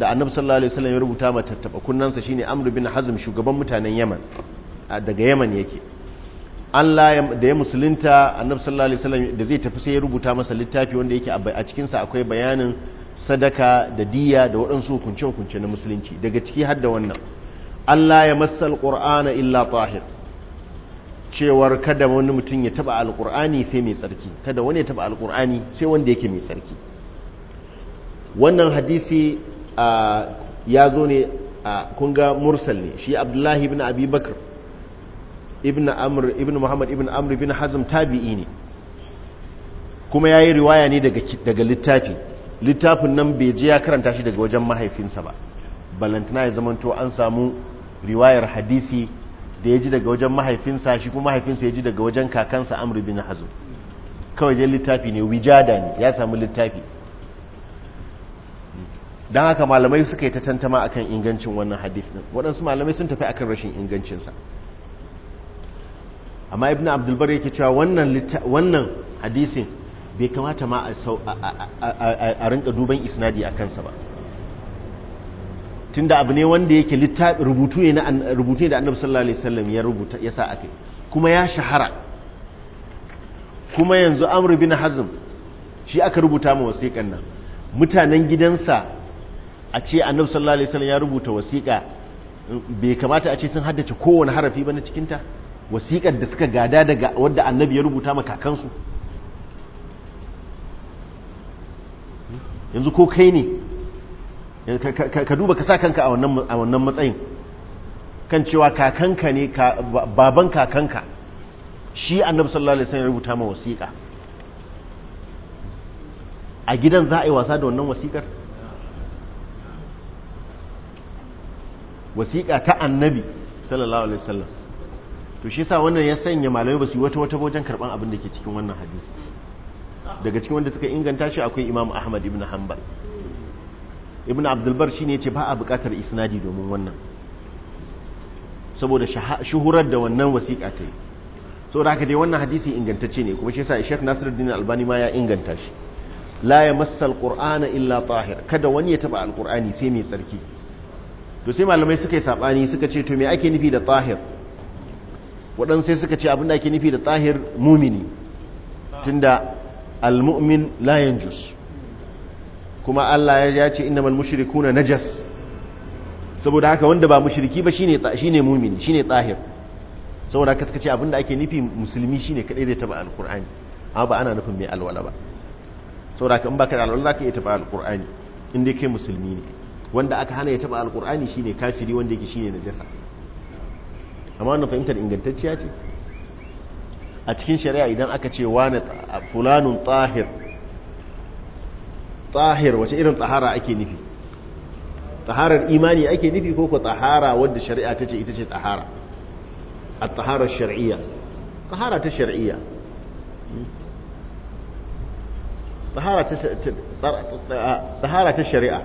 da annabi sallallahu alaihi wasallam ya rubuta ma tattaba kunnansa shine amr bin hazm shugaban mutanen yaman daga yaman yake Allah da ya musulunta annabi sallallahu alaihi wasallam da zai tafi sai ya rubuta masa littafi wanda yake a cikin sa akwai bayanin sadaka da diya da waɗansu hukunce hukunce na musulunci daga ciki har da wannan Allah ya masal qur'ana illa tahir cewar kada wani mutum ya taba alqur'ani sai mai tsarki kada wani ya taba alqur'ani sai wanda yake mai tsarki wannan hadisi ya zo ne kun ga mursal ne shi Abdullahi ibn Abi ibn amr ibn muhammad ibn amr ibn hazm tabi'i ne kuma yayi riwaya ne daga daga littafi littafin nan bai je ya karanta shi daga wajen mahaifinsa ba balantana ya zamanto an samu riwayar hadisi da ya ji daga wajen mahaifinsa shi kuma mahaifinsa ya ji daga wajen kakansa amr ibn hazm kawai dai littafi ne wijada ne ya samu littafi don haka malamai suka yi ta tantama akan ingancin wannan hadith din waɗansu malamai sun tafi akan rashin ingancinsa amma ibn abdulbar yake cewa wannan hadisin bai kamata ma a rinka duban isnadi a kansa ba tunda abu ne wanda yake rubutu ne da annabi sallallahu alaihi wasallam ya rubuta ya sa akai kuma ya shahara kuma yanzu amr bin hazm shi aka rubuta ma wasiƙan nan mutanen gidansa a ce annabi sallallahu alaihi wasallam ya rubuta wasiƙa bai kamata a ce sun haddace kowane harafi ba na cikinta wasiƙar da suka gada daga wadda annabi ya rubuta ma kakansu yanzu ko kai ne ka duba ka sa kanka a wannan matsayin kan cewa kakanka ne baban kakanka shi annabi sallallahu alaihi wasallam rubuta ma wasiƙa a gidan za a yi wasa da wannan wasiƙar wasiƙa ta annabi sallallahu alaihi wasallam to shi sa wannan ya sanya malamai ba su yi wata wata wajen karban abin da ke cikin wannan hadisi daga cikin wanda suka inganta shi akwai imam ahmad ibn hanbal ibn abdulbar shi ne ce ba a bukatar isnadi domin wannan saboda shuhurar da wannan wasiƙa ta yi saboda haka dai wannan hadisi ingantacce ne kuma shi sa shek nasiruddin albani ma ya inganta shi la ya massal qur'ana illa tahir kada wani ya taba alqur'ani sai mai tsarki to sai malamai suka yi sabani suka ce to me ake nufi da tahir waɗansu sai suka ce abin da ake nufi da tsahir mumini tunda al-mu'min la yanjus kuma Allah ya ce innamal mushrikuna najas saboda haka wanda ba mushiriki ba shine shine mumini shine tsahir saboda haka suka ce abin da ake nufi musulmi shine kadai zai taba alqur'ani amma ba ana nufin mai alwala ba saboda haka in baka da alwala zaka iya taba alqur'ani in dai kai musulmi ne wanda aka hana ya taba alqur'ani shine kafiri wanda yake shine jasa. amma wannan fahimtar ingantacciya ce a cikin shari'a idan aka ce wani fulanun tsahir tsahir wace irin tsahara ake nufi tsaharar imani ake nufi ko ko tahara wadda shari'a ta ce ita ce tsahara a taharar shari'iyya tsahara ta shari'iyya tsahara ta shari'a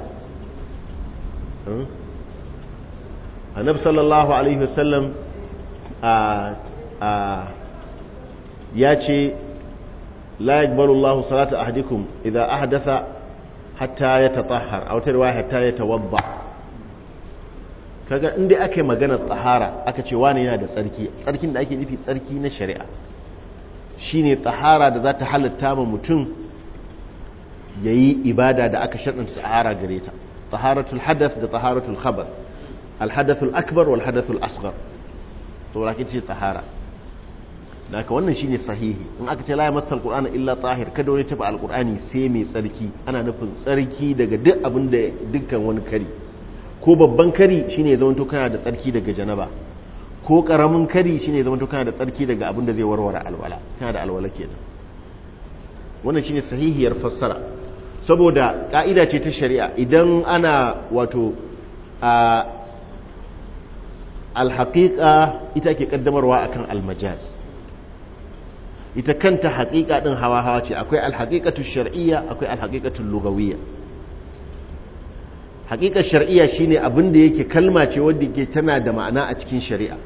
hmm? annab sallallahu alaihi wasallam ya ce la yaqbalu Allahu salata ahadikum idza ahdatha hatta a aw tarwa hatta yatawadda kaga inda ake magana tsahara aka ce wani yana da tsarki tsarkin da ake nufi tsarki na shari'a shine tsahara da za ta halatta ma mutum yayi ibada da aka shaɗanta tsahara gare ta hadas hadath da tsaharatul khabar alhadathul akbar wal hadathul asghar saboda ka ce tsahara da ka wannan shine sahihi in aka ce la ya masal qur'ana illa tahir kada wani taba alqur'ani sai mai tsarki ana nufin tsarki daga duk abin da dukkan wani kari ko babban kari shine ya zama to kana da tsarki daga janaba ko karamin kari shine ya zama to kana da tsarki daga abin da zai warware alwala kana da alwala kenan wannan shine sahihiyar fassara saboda ka'ida ce ta shari'a idan ana wato a alhaƙiƙa ita ke ƙaddamarwa akan almajaz ita kanta haƙiƙa ɗin hawa-hawa ce akwai alhaƙiƙatu shar'iyya akwai alhaƙiƙatu lugawiyya haƙiƙar shi ne abin da yake kalma ce wadda ke tana da ma'ana a cikin shari'a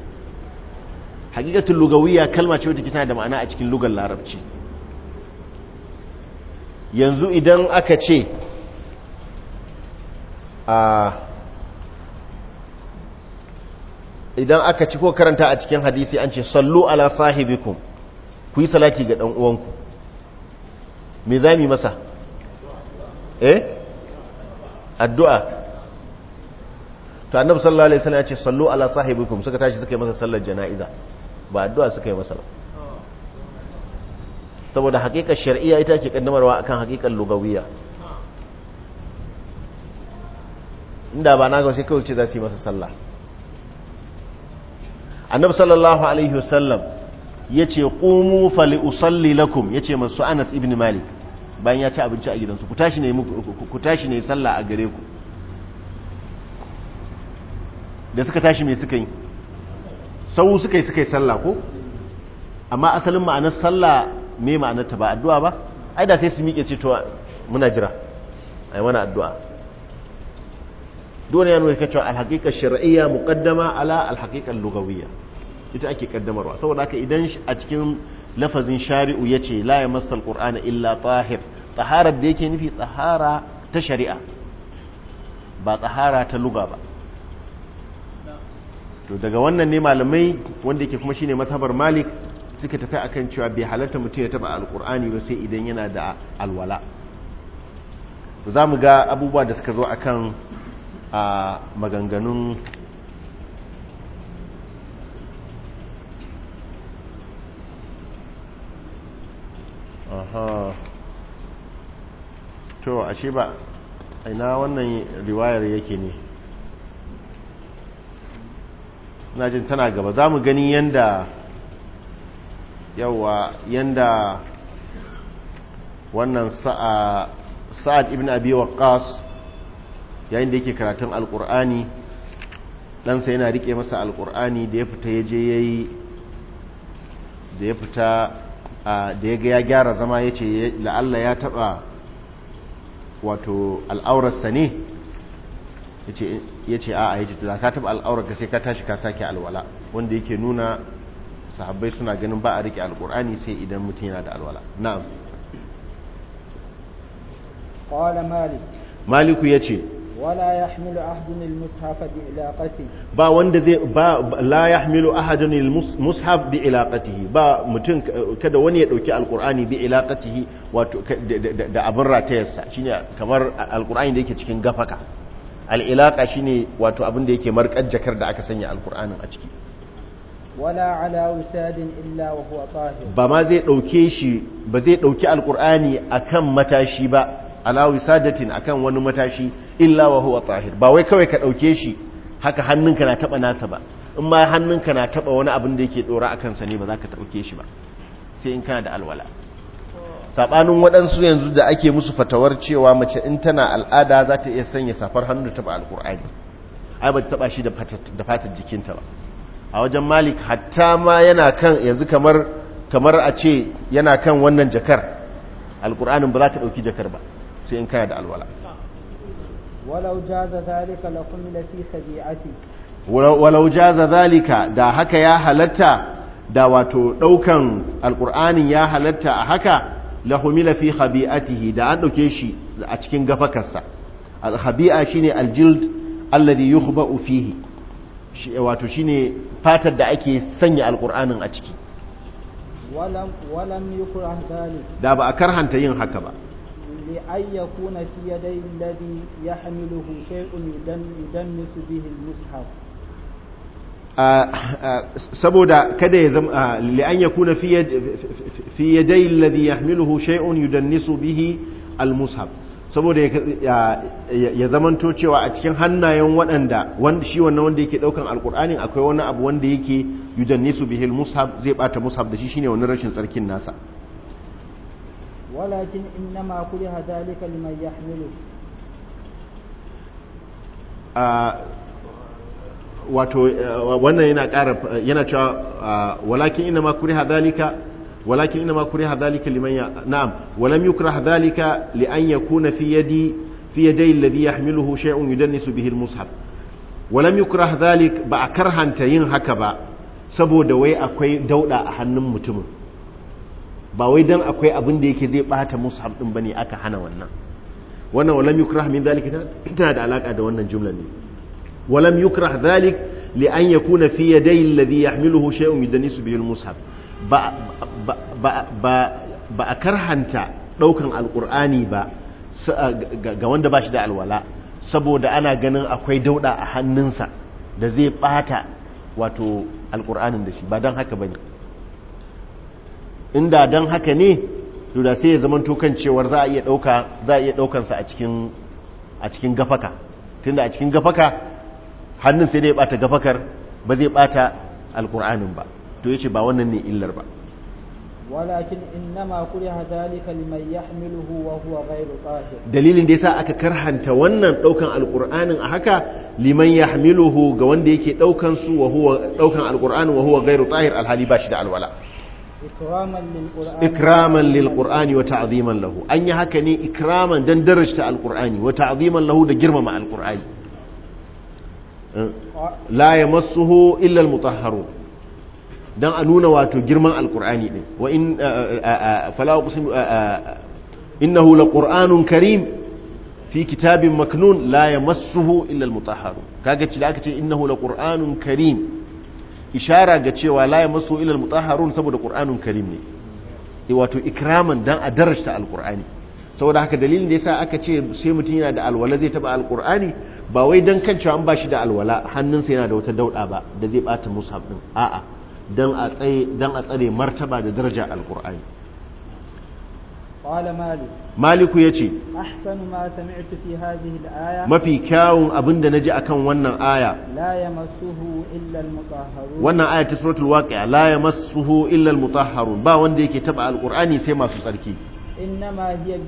haƙiƙatun lugawiyya kalma ce wadda ke tana da ma'ana a cikin lugar larabci yanzu idan aka ce a idan aka ci ko karanta a cikin hadisi an ce sallu ala sahibikum ku yi salati ga dan uwanku me za mu masa eh addu'a to annabi sallallahu alaihi wasallam ya ce sallu ala sahibikum suka tashi suka yi masa sallar jana'iza ba addu'a suka yi masa ba saboda hakikar shar'iyya ita ke kaddamarwa akan hakikar lugawiyya inda ba na ga sai kawai ce za su yi masa sallah annabi sallallahu alaihi wasallam ya ce ƙumu fali usalli lakum ya ce masu anas ibn malik bayan ya ci abinci a gidansu ku tashi ne sallah a gare ku da suka tashi mai suka yi sau suka yi suka yi sallah ko amma asalin ma'anar sallah me ma'anar ta ba addu'a ba ai da sai su miƙe ce to muna jira ai wani addu'a dole ya nuna cewa alhaƙiƙar mu muqaddama ala alhaƙiƙar lugawiyya ita ake kaddamarwa saboda haka idan a cikin lafazin shari'u yace la yamassu alqur'ana illa tahir tahara da yake nufi tsahara ta shari'a ba tahara ta luga ba to daga wannan ne malamai wanda yake kuma shine mazhabar malik suka tafi akan cewa bai halarta mutum ya taba alqur'ani ba sai idan yana da alwala za mu ga abubuwa da suka zo akan a maganganun aha to shi ba ina wannan riwayar yake ne na jin tana gaba za mu gani yadda yauwa yadda wannan sa'ad ibn abi Waqas. yayin da yake karatun alkur'ani ɗansa yana riƙe masa alkur'ani da ya fita ya je ya yi da ya fita da ya ga ya gyara zama ya ce la'alla ya taɓa wato al'aurarsa ne ya ce a'a ya ce da ka taɓa al'aurarka sai ka tashi ka sake alwala wanda yake nuna sahabbai suna ganin ba a riƙe alkur'ani sai idan mutum yana da alwala na'am قال ya ce. ولا يحمل أحد المصحف بعلاقته با wanda zai ba la yahmilu ahadun almushaf bi ilaqatihi ba mutun kada wani ya dauki alqur'ani bi ilaqatihi wato da abin ratayarsa shine kamar alqur'ani da yake cikin gafaka alilaqa shine wato abin da yake markar jakar da aka sanya alqur'anin a ciki wala ala usadin illa wa huwa tahir ba ma zai dauke shi ba zai dauki alqur'ani akan matashi ba ala usadatin akan wani matashi illa wa huwa tahir ba wai kawai ka dauke shi haka hannunka na taba nasa ba in ma hannunka na taba wani abin da yake dora akan sa ne ba za ka dauke shi ba sai in kana da alwala sabanin wadansu yanzu da ake musu fatawar cewa mace in tana al'ada za ta iya sanya safar hannu taba alkur'ani ai ba ta taba shi da fatar jikinta ba a wajen malik hatta ma yana kan yanzu kamar kamar a ce yana kan wannan jakar alqur'anin ba za ka ɗauki jakar ba sai in kana da alwala ولو جاز ذلك ولو جاز ذلك da haka ya halatta da wato ɗaukan alqur'anin ya halatta a haka lahumila fi khabi'atihi da an ɗauke shi a cikin gafakarsa al-khabi'a shine al-jild alladhi yukhba'u fihi wato shine fatar da ake sanya alqur'anin a ciki da ba a karhanta yin haka ba لأن يكون في يدي الذي يحمله شيء يدنس به المصحف saboda kada ya zama li'an ya kuna fi yadai alladhi yahmiluhu shay'un yudannisu bihi al-mushaf saboda ya zamanto cewa a cikin hannayen waɗanda shi wannan wanda yake ɗaukan alƙur'anin akwai wani abu wanda yake yudannisu bihi al-mushaf zai bata mushaf da shi shine wannan rashin tsarkin nasa ولكن إنما كره ذلك لمن يحمله wato wannan yana ƙara yana cewa walakin ina ma kuriha dhalika walakin ina ma kuriha dhalika liman ya na'am walam yukrah dhalika li an yakuna fi yadi fi yaday alladhi yahmiluhu shay'un yudannisu bihi almushaf walam yukrah dhalik ba a karhanta yin haka ba saboda wai akwai dauda a hannun mutumin ba wai dan akwai abin da yake zai bata mushaf din ne aka hana wannan wannan walam yukrah min zalika tana da alaka da wannan jumla ne walam yukrah zalik li an yakuna fi dai alladhi yahmiluhu shay'un yudanisu bihi almushaf ba ba ba ba a karhanta daukan alqur'ani ba ga wanda ba shi da alwala saboda ana ganin akwai dauda a hannunsa da zai bata wato alqur'anin da shi ba dan haka bane inda don haka ne to da sai ya zama tukan cewar za a iya za a iya ɗaukansa a cikin gafaka tunda a cikin gafaka hannun sai dai ya gafakar ba zai ɓata alƙur'anin ba to ya ce ba wannan ne illar ba ولكن إنما ya ذلك لمن يحمله وهو غير طاهر دليل دي سا aka karhanta wannan daukan alqur'anin a haka liman yahmiluhu ga wanda yake daukan su wa huwa daukan alqur'ani wa huwa ghairu tahir alhali bashi da alwala ikraman lil qur'ani wa ta'ziman lahu an yi haka ne ikraman dan darajta al-qur'ani wa ta'ziman lahu da girmama al-qur'ani. la yamassuhu illa almutahharun dan a nuna wato girman alqur'ani din wa in fala uqsim innahu laqur'anun karim fi kitabin maknun la yamassuhu illa almutahharun kaga ci da aka ce innahu qur'anun karim ishara ga cewa la ya masu ilal mutahharun saboda qur'anun karim ne e, wato ikraman dan a darasta alqur'ani saboda haka dalilin da yasa aka ce sai mutum yana da alwala zai taba alqur'ani ba wai dan kan cewa an ba shi da alwala hannunsa yana da wata dauda ba da zai bata mushaf din a'a dan a tsare martaba da daraja alqur'ani Maliku ya ce, Mafi kyawun abin da na ji a kan wannan aya, wannan aya ta suratul waƙiya, la ya illal mutaharun, ba wanda yake taɓa al'kur'ani sai masu tsarki. إنما هي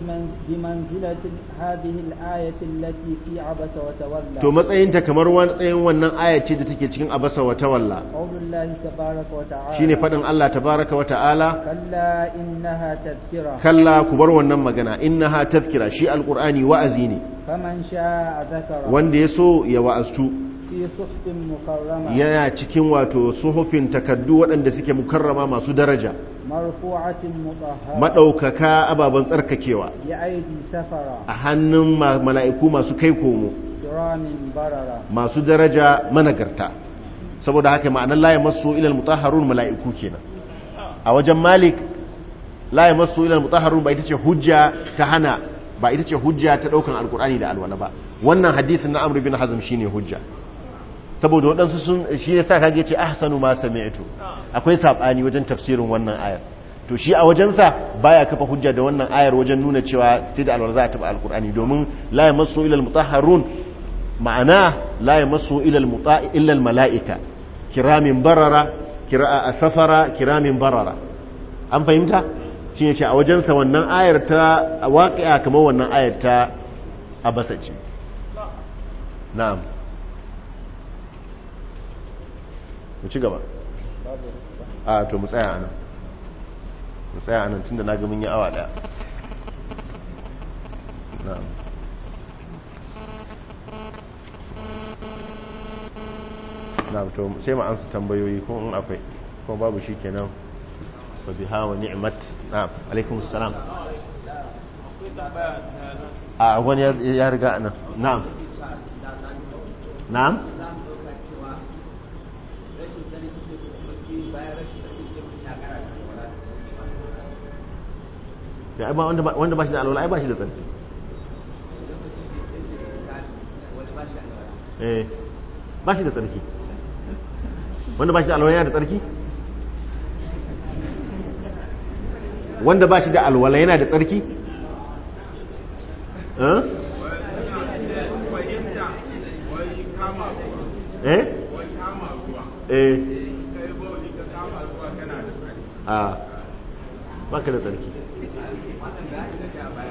بمنزلة هذه الآية التي في عبس وتولى تو متسين تكمر wannan aya da take cikin abasa wa tawalla qaulullahi tabaaraka Allah tabaaraka wa ta'ala kalla kalla ku bar wannan magana innaha tadhkira shi alqur'ani wa'azi ne faman sha'a zakara wanda ya wa'astu yana cikin wato suhufin takaddu waɗanda suke mukarrama masu daraja maɗaukaka ababen tsarkakewa a hannun mala'iku masu kai komo masu daraja managarta saboda haka ma'anar laye masu ilal mutaharun mala'iku kenan a wajen malik laye masu ilal mutaharun ba ita ce hujja ta hana ba ita ce hujja ta ɗaukan alkur'ani da alwala ba wannan hadisin na Amurbin bin hazm shine hujja saboda waɗansu sun shi ya yasa kage ce ahsanu ma sami'tu akwai sabani wajen tafsirin wannan ayar to shi a wajensa baya kafa hujja da wannan ayar wajen nuna cewa sai da alwala za a taba alqur'ani domin la yamassu ila almutahharun ma'ana la yamassu ila almuta'i illa almalaika kiramin barara Kira a safara kiramin barara an fahimta shine ce a wajensa wannan ayar ta waqi'a kamar wannan ayar ta abasaci na'am mu ci gaba a to mu tsaya anan mu tsaya anan tunda na ga mun yi awa daya na'am na to sai mu ansa tambayoyi ko in akwai ko babu shi kenan wa biha wa ni'mat na alaikum assalam a wani ya riga nan na'am na'am wanda wanda ba shi da alwala ai ba shi da tsarki eh ba shi da tsarki wanda ba shi da alwala yana da tsarki wanda ba shi da alwala yana da tsarki eh eh, eh. Ah, ba ka da tsarki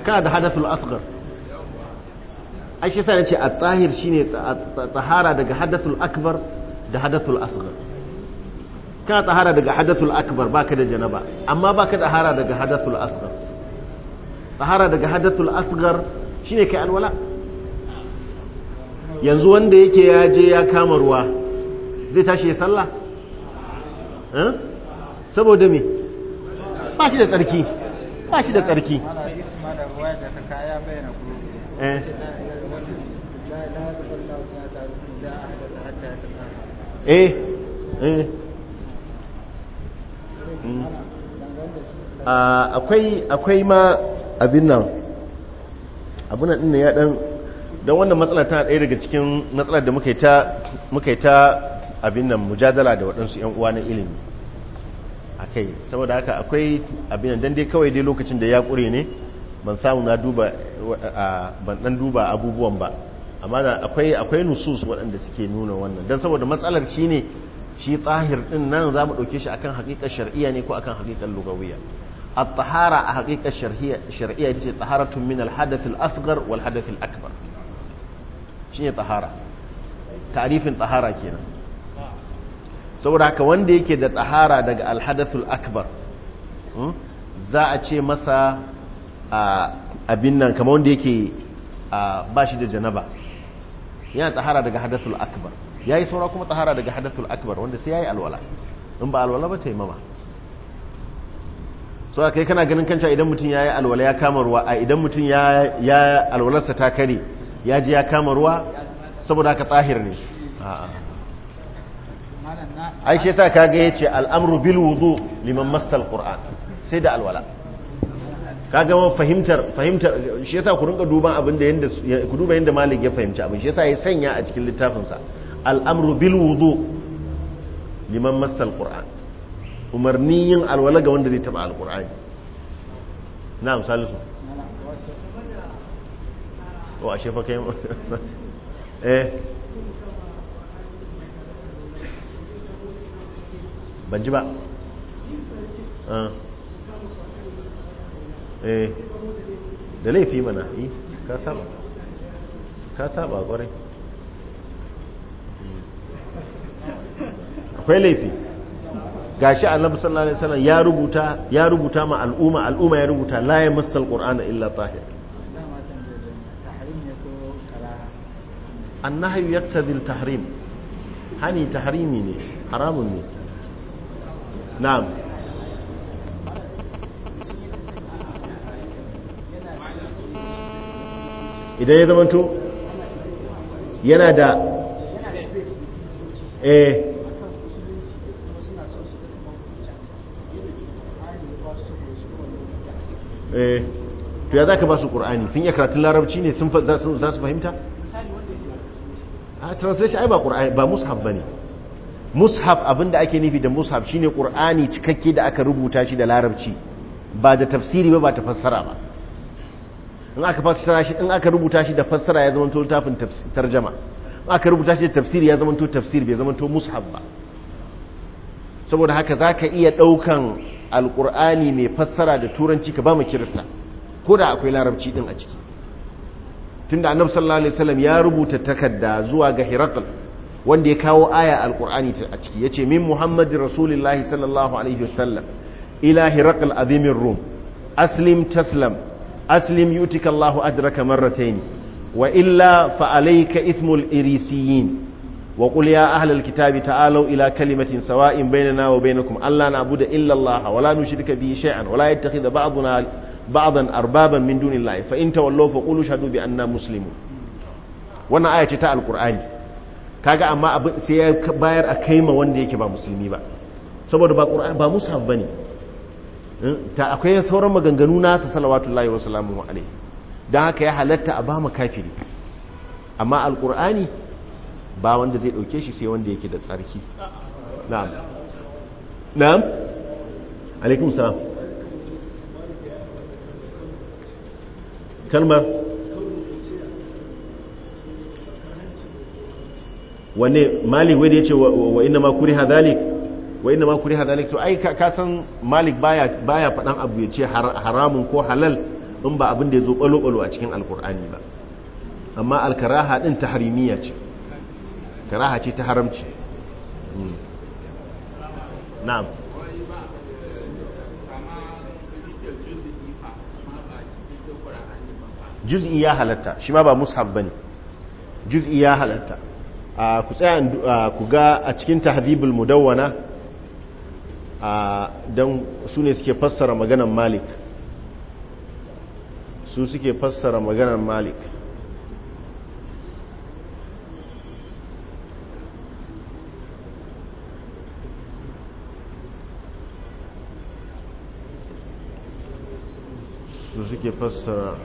kana da hadathul asghar ai shi sai nace a tahir shine tahara daga hadathul akbar da hadathul asghar ka tahara daga hadathul akbar baka da janaba amma baka da tahara daga hadathul asghar tahara daga hadathul asghar shine kai alwala yanzu wanda yake ya je ya kama ruwa zai tashi ya sallah eh? saboda me ba shi da tsarki ba shi da tsarki akwai ma abin nan abin nan ya dan don wannan matsala ta ɗaya daga cikin matsalar da muka ta ta abin nan mujadala da waɗansu ƴan uwa na ilimi akai saboda haka akwai abin nan dan dai kawai dai lokacin da ya ƙure ne ban samu na duba ban dan duba abubuwan ba amma da akwai akwai nusus waɗanda suke nuna wannan don saboda matsalar shine shi tsahir ɗin nan za mu ɗauke shi akan haƙiƙar shar'iyya ne ko akan haƙiƙar lugawiya. A tsahara a haƙiƙar shar'iyya shar'iyya ce tun min al-hadath asghar wal hadath al shi ne tsahara ta'rifin tsahara kenan saboda haka wanda yake da tsahara daga al-hadath al-akbar hmm, za a ce masa abin nan kamar wanda yake ba shi da janaba yana tahara daga hadathul akbar ya yi saura kuma tahara daga hadathul akbar wanda sai ya yi alwala in ba alwala ba ta yi mama so a kai kana ganin kanta idan mutum ya yi alwala ya kama ruwa a idan mutum ya alwalarsa ta kare ya ji ya kama ruwa saboda haka tsahir ne ai ka yasa kaga ce al'amru bil wuzu liman massal qur'an sai da alwala kaga fahimtar fahimtar shi yasa ku rinka duban abin da yanda ku duba yanda malik ya fahimci abin shi yasa ya sanya a cikin littafin sa al'amru bil wudu liman massa alquran umarni yin alwala ga wanda zai taba alqur'ani na'am salisu o ashe fa kai eh ban ji ba ah. eh da laifi mana yi ka saba ka saba kwarai akwai laifi gashi annabi sallallahu alaihi wasallam ya rubuta ya rubuta ma al'umma al'umma ya rubuta la yamassal qur'ana illa tahir annahyu yaktazi al-tahrim hani tahrimi ne haramun ne na'am idan ya zamanto yana da eh eh to ya za ka ba su ƙur'ani sun iya karatun larabci ne sun za su fahimta? a translation ai ba ƙur'ani ba mushaf ba ne mushaf abinda ake nufi da mushaf shine ƙur'ani cikakke da aka rubuta shi da larabci ba da tafsiri ba ba ta fassara ba in aka fassara shi in aka rubuta shi da fassara ya zamanto littafin tarjuma in aka rubuta shi da tafsir ya zamanto tafsir bai zamanto mushaf ba saboda haka zaka iya daukan alqur'ani mai fassara da turanci ka ba mu kirista ko da akwai larabci din a ciki tunda annabi sallallahu alaihi wasallam ya rubuta takarda zuwa ga hirakl wanda ya kawo aya alqur'ani a ciki yace min muhammadin rasulillahi sallallahu alaihi wasallam ila hirakl azimir rum aslim taslam aslim yutika Allahu ajraka marratayn wa illa fa alayka ithmul irisiyin wa qul ya ahlal kitabi ta'alu ila kalimatin sawa'in bainana wa bainakum alla na'budu illa Allah wa la nushrika bihi shay'an wa la yattakhidha ba'duna ba'dan arbaban min dunillahi fa in tawallaw fa qulu shahadu bi anna muslimun wannan aya ce ta alqur'ani kaga amma abin sai ya bayar a kaima wanda yake ba musulmi ba saboda ba ba musab bane ta akwai sauran maganganu nasa salawatullahi wa salamu alaihi don haka ya halatta a ba mu kafiri amma alkur'ani ba wanda zai dauke shi sai wanda yake da tsarki na'am na'am alaikum salam kalmar wanne malik ya yace wa inna ma kuriha dhalik wa inna ma kuriha zalik to ai ka san malik baya baya faɗan abu ya ce haramun ko halal in ba abin da ya zo balo balo a cikin alqur'ani ba amma alkaraha din tahrimiya ce karaha ce ta haramci hmm. na'am juz'i ya halatta shi ma ba mushaf bane juz'i ya halatta ku tsaya ku ga a cikin tahdhibul mudawwana don su ne suke fassara maganan malik su suke fassara maganan malik su suke fassara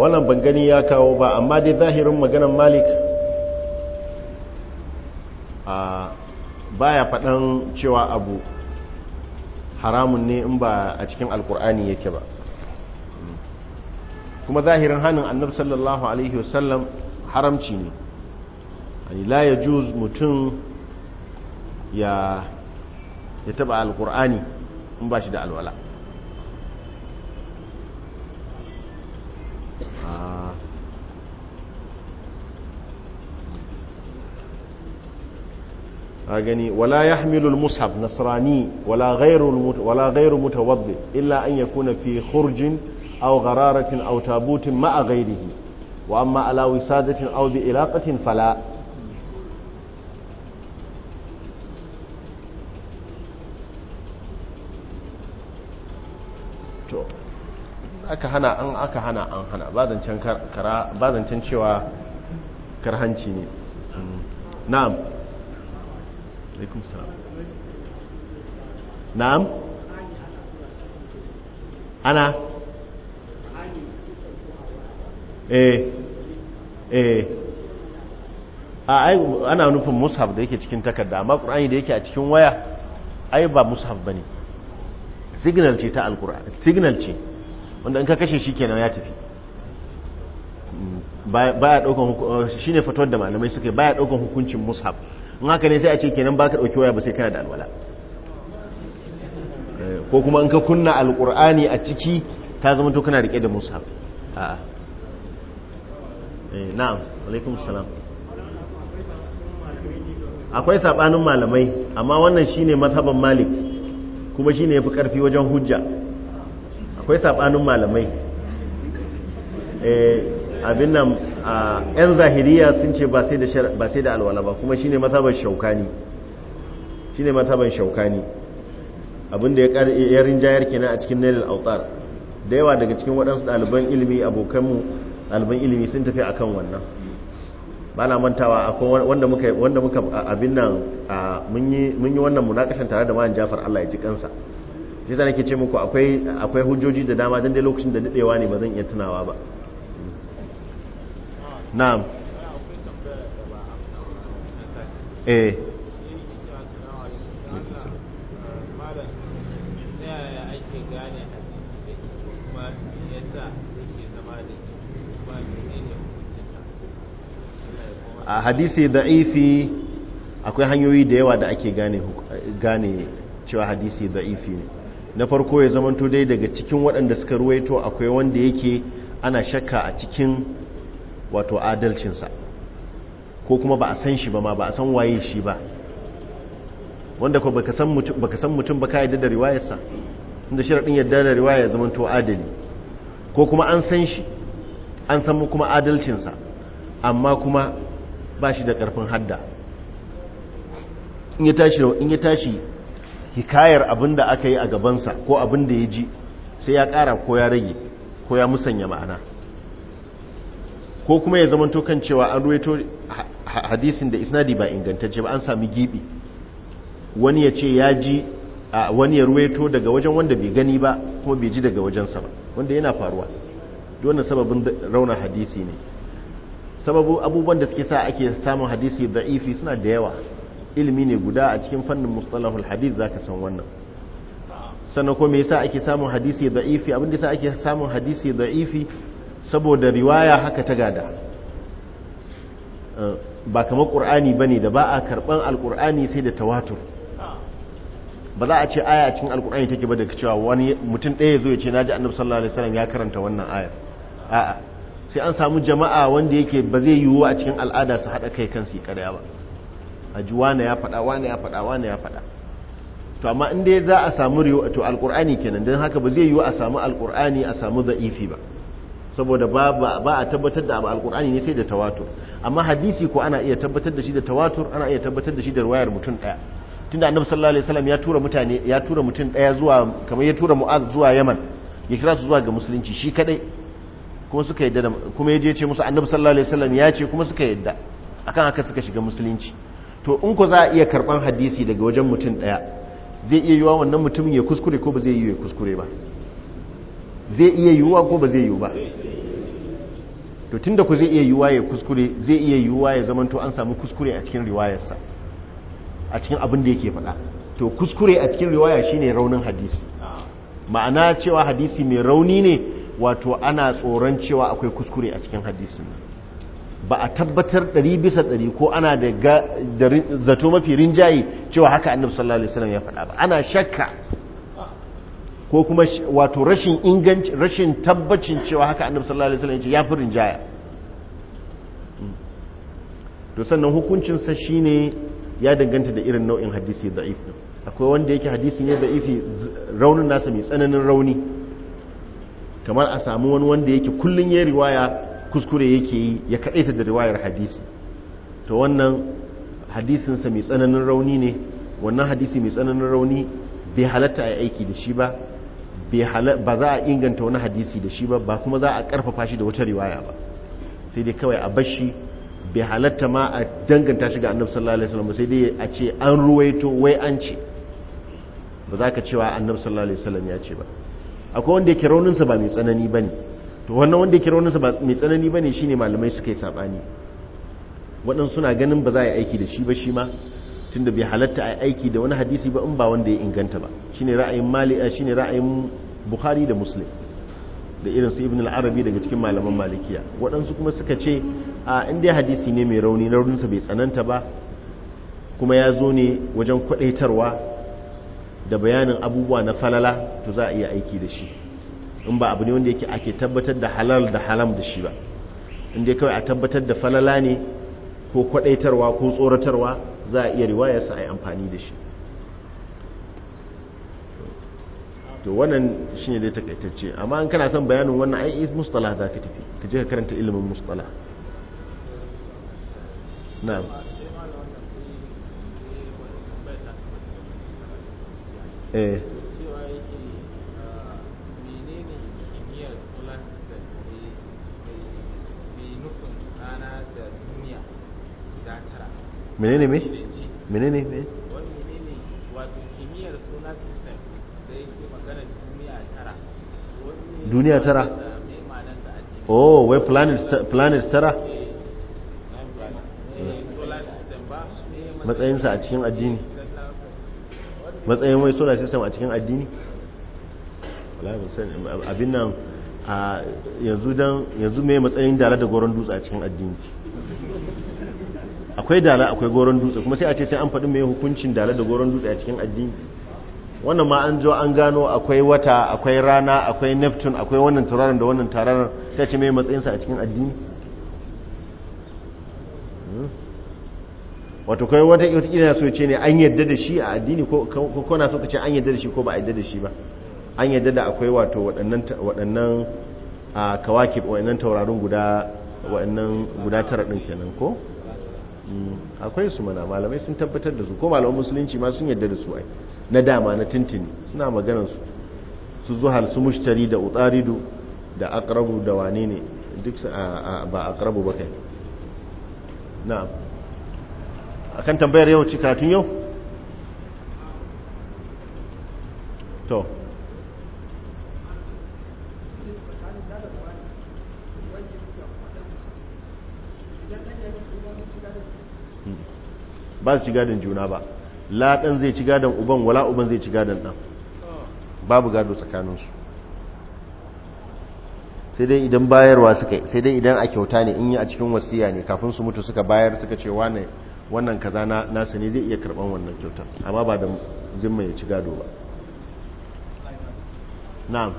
wannan ban gani ya kawo ba amma dai zahirin maganan malik a baya faɗan cewa abu haramun ne in ba a cikin alkur'ani yake ba kuma zahirin hannun annab sallallahu alaihi wasallam haramci ne la ya juz mutum ya taba alkur'ani in ba shi da alwala a gani wala ya hamilul mushaf nasrani wala gairu mutawaddi illa an ya kuna fi hurjin au gararatin au tabutin ma'a gairihi wa amma ala wisadatin au bi ilaqatin fala to aka hana an aka hana an hana cewa karhanci ne hmm. na'am alaikum salam na'am ana eh eh a ana nufin mushaf da yake cikin takarda amma qur'ani da yake a cikin waya ai ba mushaf bane signal ce ta alqur'ani signal ce wanda in ka kashe shi kenan ya tafi baya daukan shine fatawar da malamai baya daukan hukuncin mushaf in haka ne sai a ce kenan baka dauki waya ba sai kana da alwala eh, ko kuma in ka kunna alqur'ani a ciki ta zama to kana rike da musa. a eh, na'am alaikum salam akwai sabanin malamai amma wannan shine mazhaban malik kuma shine yafi karfi wajen hujja akwai sabanin malamai eh, abin nan yan zahiriya sun ce ba sai da alwala ba kuma shine mazhaban shaukani shine mazhaban shaukani abin da ya rinjayar kenan a cikin nailal autar da yawa daga cikin waɗansu ɗaliban ilimi abokanmu ɗaliban ilimi sun tafi akan wannan ba na mantawa akwai wanda muka abin nan mun yi mun yi wannan munakashin tare da malam Jafar Allah ya ji kansa shi yasa nake ce muku akwai akwai hujjoji da dama don dai lokacin da dadewa ne ba zan iya tunawa ba na'am eh a hadisi da'ifi akwai hanyoyi da yawa da ake gane cewa hadisi da'ifi ne na farko ya zamanto dai daga cikin waɗanda suka ruwaito akwai wanda yake ana shakka a cikin wato adalcinsa ko kuma ba a san shi ba ma ba a san waye shi ba wanda ko ka san mutum ba ka yadda da riwayarsa inda sharaɗin yadda da riwayar zaman to adali ko kuma an san shi an san kuma adalcinsa amma kuma ba shi da ƙarfin hadda in ya tashi hikayar abin da aka yi a gabansa ko abin da ya ji sai ya ƙara ko ya rage ko ya musanya ma'ana ko kuma ya zamanto kan cewa an ruwaito hadisin da isnadi ba ingantacce ba an sami gibi wani ya ce ya ji wani ya ruwaito daga wajen wanda bai gani ba kuma bai ji daga wajensa ba wanda yana faruwa wannan sababin raunar hadisi ne sababu abubuwan da suke sa ake samun hadisi da'ifi suna da yawa ilimi ne guda a cikin fannin mustalahul hadith zaka san wannan sannan ko me yasa ake samun hadisi da'ifi abin da yasa ake samun hadisi da'ifi saboda riwaya haka ta gada eh, ba kamar ƙur'ani ba ne da ba a karɓar alƙur'ani sai da tawatur ba za a ce aya a cikin alƙur'ani take ba da cewa wani mutum ɗaya zo ya ce na ji annabi sallallahu alaihi wasallam ya karanta wannan ayar a'a sai an samu jama'a wanda yake ba zai yiwu a cikin al'ada su haɗa kai kansu kada karya ba a ji wane ya faɗa wane ya faɗa wane ya faɗa to amma in dai za a samu to alƙur'ani kenan don haka ba zai yiwu a samu alƙur'ani a samu za'ifi ba saboda ba a tabbatar da alƙur'ani alkur'ani ne sai da tawatur amma hadisi ko ana iya tabbatar da shi da tawatur ana iya tabbatar da shi da ruwayar mutum daya tunda annabi sallallahu alaihi wasallam ya tura mutane ya tura mutum daya zuwa kamar ya tura mu'az zuwa yaman ya kira su zuwa ga musulunci shi kadai kuma suka yadda kuma yaje ce musu annabi sallallahu alaihi wasallam ya ce kuma suka yadda akan haka suka shiga musulunci to in ko za a iya karban hadisi daga wajen mutum daya zai iya yiwa wannan mutumin ya kuskure ko ba zai yi ya kuskure ba zai iya yiwuwa ko ba zai yiwu ba to tunda ku zai iya yiwuwa ya kuskure zai iya yiwuwa ya zamanto an samu kuskure a cikin riwayarsa a cikin abin da yake faɗa to kuskure a cikin riwaya shine raunin hadisi ma'ana cewa hadisi mai rauni ne wato ana tsoron cewa akwai kuskure a cikin hadisin ba a tabbatar ɗari bisa ɗari ko ana da zato mafi rinjaye cewa haka annabi sallallahu alaihi wasallam ya faɗa ba ana shakka ko kuma wato rashin inganci rashin tabbacin cewa haka annabi sallallahu alaihi wasallam ya fi rinjaya hmm. to sannan hukuncin sa shine ya danganta da irin nau'in hadisi da'if din akwai wanda yake hadisin ya da'ifi raunin nasa mai tsananin rauni kamar a samu wani wanda yake kullun ya riwaya kuskure yake yi ya kaɗaita da riwayar hadisi to wannan hadisinsa mai tsananin rauni ne wannan hadisi mai tsananin rauni bai halatta a aiki da shi ba ba za a inganta wani hadisi da shi ba ba kuma za a karfafa shi da wata riwaya ba sai dai kawai a bashi bai halatta ma a danganta shi ga annabi sallallahu alaihi wasallam sai dai a ce an ruwaito wai an ce ba za ka cewa annabi sallallahu alaihi wasallam ya ce ba akwai wanda yake rauninsa ba mai tsanani ba ne to wannan wanda yake rauninsa ba mai tsanani ba ne shine malamai suka yi saɓani waɗansu suna ganin ba za a yi aiki da shi ba shi ma tunda bai halatta a aiki da wani hadisi ba in ba wanda ya inganta ba shine ra'ayin mali shine ra'ayin bukhari da muslim da irin su ibn al-arabi daga cikin malaman malikiya waɗansu kuma suka ce a inda hadisi ne mai rauni na rauninsa bai tsananta ba kuma ya zo ne wajen kwadaitarwa da bayanin abubuwa na falala to za a iya aiki da shi in ba abu ne wanda yake ake tabbatar da halal da halam da shi ba inda kawai a tabbatar da falala ne ko kwadaitarwa ko tsoratarwa za a iya riwayarsa a yi amfani da shi to wannan shine dai takaitacce amma an kana son bayanin wannan ai mustala za ka tafi ka je ka karanta ilimin mustala na'am eh menene me menene me duniya tara oh wai planet tara matsayinsa a cikin addini matsayin wai solar system a cikin addini abin nan a yanzu don yanzu mai matsayin dala da goron dutse a cikin addini akwai dala akwai goron dutse kuma sai a ce sai an faɗi mai hukuncin dala da goron dutse a cikin addini wannan ma an zo an gano akwai wata akwai rana akwai neptune akwai wannan tauraron da wannan tauraron ta ce mai matsayinsa a cikin addini hmm? wato kai wata ina so ce ne an yadda da shi a addini ko kona so ka ce an yadda da shi ko ba a yadda da shi ba an yadda da akwai wato waɗannan a kawakib waɗannan tauraron guda waɗannan guda tara ɗin kenan ko hmm, akwai su mana malamai sun tabbatar da su ko malaman musulunci ma sun yadda da su ai na dama na tintini suna magana su zuhal su mushtari da utaridu da akrabu da wane ne duk ba akrabu ba kai na'am akan tambayar yau ci karatun yau to hmm. ba su ci gadin juna ba la ɗan zai ci gadon uban wala uban zai ci gadon ɗan babu gado tsakaninsu sai dai idan bayarwa suka yi sai dai idan a kyauta ne in yi a cikin wasiya ne kafin su mutu suka bayar suka ce wane wannan kaza na nasa ne zai iya karɓan wannan kyautar amma ba da zimma ya ci gado ba na'am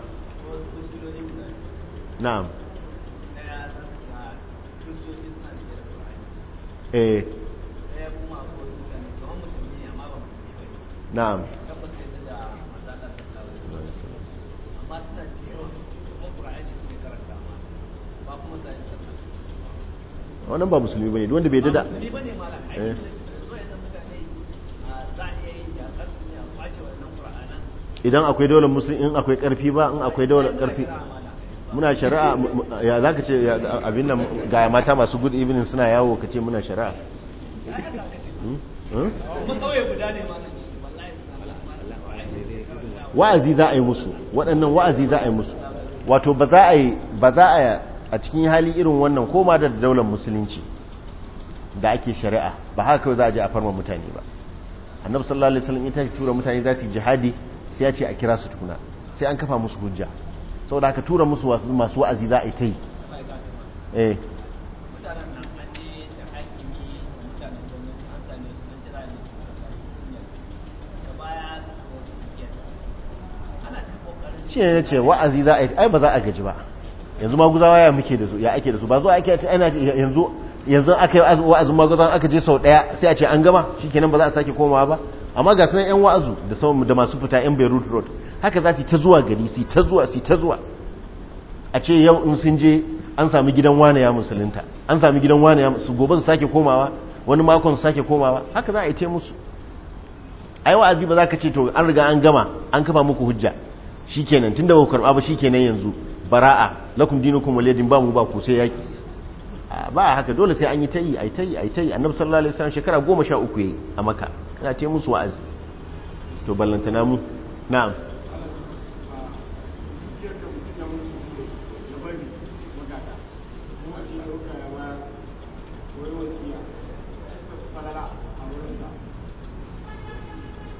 na'am eh na'am wannan ba musulmi bane wanda bai dada eh. idan akwai dole musulmi in akwai karfi ba in akwai dole karfi muna shari'a ya zaka ce abin nan ga mata masu good evening suna yawo kace muna shari'a hmm? hmm? mun guda ne ma wa'azi za a yi musu waɗannan wa'azi za a yi musu wato ba za a yi ba za a a cikin hali irin wannan koma da daular musulunci da ake shari'a ba haka kawai za a je a farma mutane ba annabi sallallahu alaihi wasallam tashi tura mutane za su jihadi sai ya ce a kira su tukuna sai an kafa musu hujja saboda haka tura musu masu wa'azi za a yi ta yi eh. shi ne ce wa'azi za a yi ai ba za a gaji ba yanzu maguzawa ya muke da su ya ake da su ba zuwa ake ce ana yanzu yanzu aka yi wa'azin maguzawa aka je sau daya sai a ce an gama shi kenan ba za a sake komawa ba amma ga sunan yan wa'azu da sauran da masu fita yan Beirut Road haka za su ta zuwa gari su ta zuwa su ta zuwa a ce yau in sun je an sami gidan wane ya musulunta an sami gidan wane ya su gobe su sake komawa wani makon su sake komawa haka za a yi ce musu ai wa'azi ba za ka ce to an riga an gama an kafa muku hujja shikenan tunda ba ku karba ba shikenan yanzu bara'a lakum dinukum waliyadin ba mu ba ku sai yaki ba haka dole sai an yi tayi ai tayi ai tayi annabi sallallahu alaihi wasallam shekara 13 yayi a maka ina ce musu wa'azi to ballantana mu na'am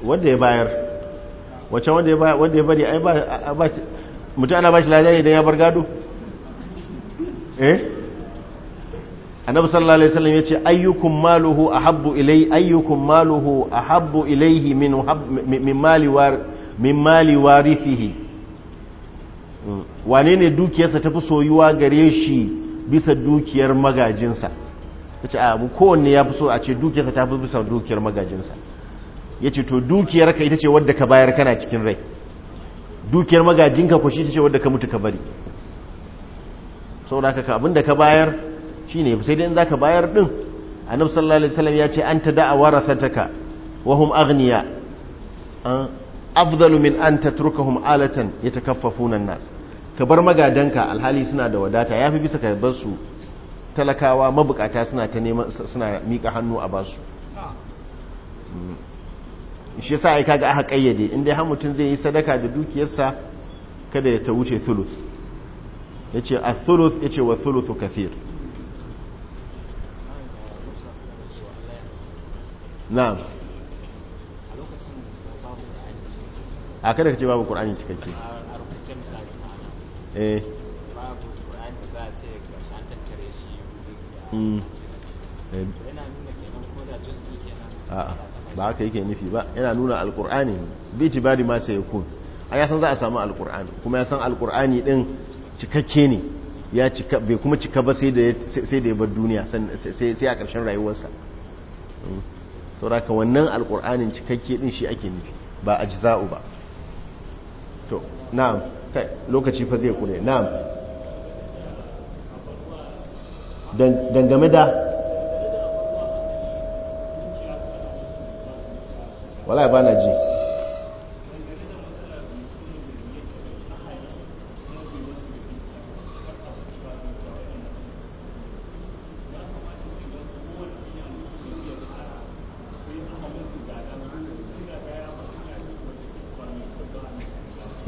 wanda ya bayar wacce wanda ya bari mutu ana ba shi lada idan ya bar gado eh annabi sallallahu alaihi wasallam ce ayyukun maluhu habbu ilai ayyukun maluhu a habbu min min mali war min mali warithihi wane ne dukiyarsa fi soyuwa gare shi bisa dukiyar magajinsa ce a kowanne ya fi so a ce dukiyarsa fi bisa dukiyar magajinsa ya ce to dukiyar ka ita ce wadda ka bayar kana cikin rai dukiyar magajinka ko shi ita ce wadda ka mutu ka bari sau saboda ka abinda ka bayar shine sai dai in ka bayar din a annabi sallallahu alaihi salam ya ce an ta da'a warathataka wa hum aghniya afdalu min an tatrukahum alatan kafa funan nas ka bar magadanka alhali suna da wadata ya fi bisa ka bar su talakawa mabukata suna ta neman suna miƙa hannu a basu ah. mm. shi sa ai kaga aka kayyade in dai har mutum zai yi sadaka da dukiyarsa kada ya ta wuce thuluth yace a thuluth yace wa thuluthu kathir na'am a kada ka ce babu qur'ani cikakke eh babu qur'ani da za a ce an tattare shi yana nuna kenan ko da juz'i kenan ba haka yake nufi ba yana nuna alkur'ani bi tibari ma sai yakun a ya san za a samu alkur'ani kuma ya san alkur'ani din cikakke ne ya cika bai kuma cika ba sai da ya bar duniya sai a ƙarshen rayuwarsa To mm. ka wannan alkur'anin cikakke din shi ake nufi ba ajza'u ba to na'am kai lokaci fa zai kure na'am dangame da wala ba na ji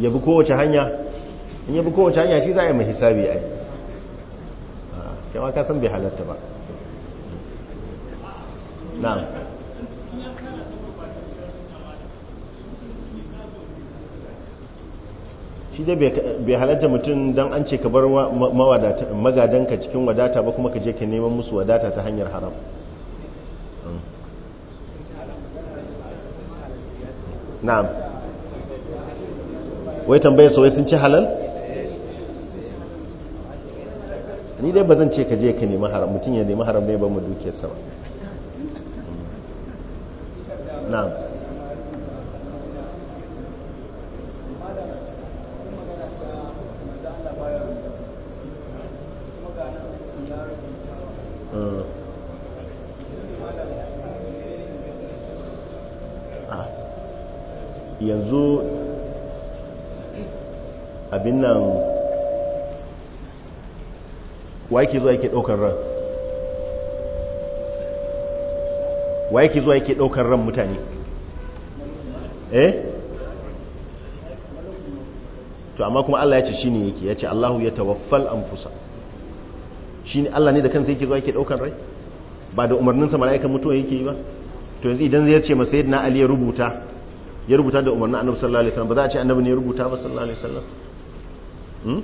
yabi kowace hanya in yabi kowace hanya shi za a yi mai hisabi a yi ah, kyawa kasan bai halatta ba na'am shi dai bai halatta mutum don an ce ka bar magadanka cikin wadata ba kuma ka je ka neman musu wadata ta hanyar haram hmm. na'am wai tambayar su sun ci halal ni dai ba zan ce ka je ka nemi haram mutum ya nemi haram ne ba mu dukiyarsa sama hmm. na'am yanzu abin nan wa zuwa yake daukar ran wa zuwa yake ɗaukar ran mutane eh to amma kuma Allah ya ce shine yake ya ce Allahu ya tawaffal anfusa shine Allah ne da kansa yake zuwa yake ɗaukar rai ba da umarninsa mala'ikan mutuwa yake yi ba to yanzu idan zai ce masa Ali ya rubuta ya rubuta da umarnin annabi sallallahu alaihi wasallam ba za a ce annabi ne ya rubuta ba sallallahu alaihi wasallam hmm?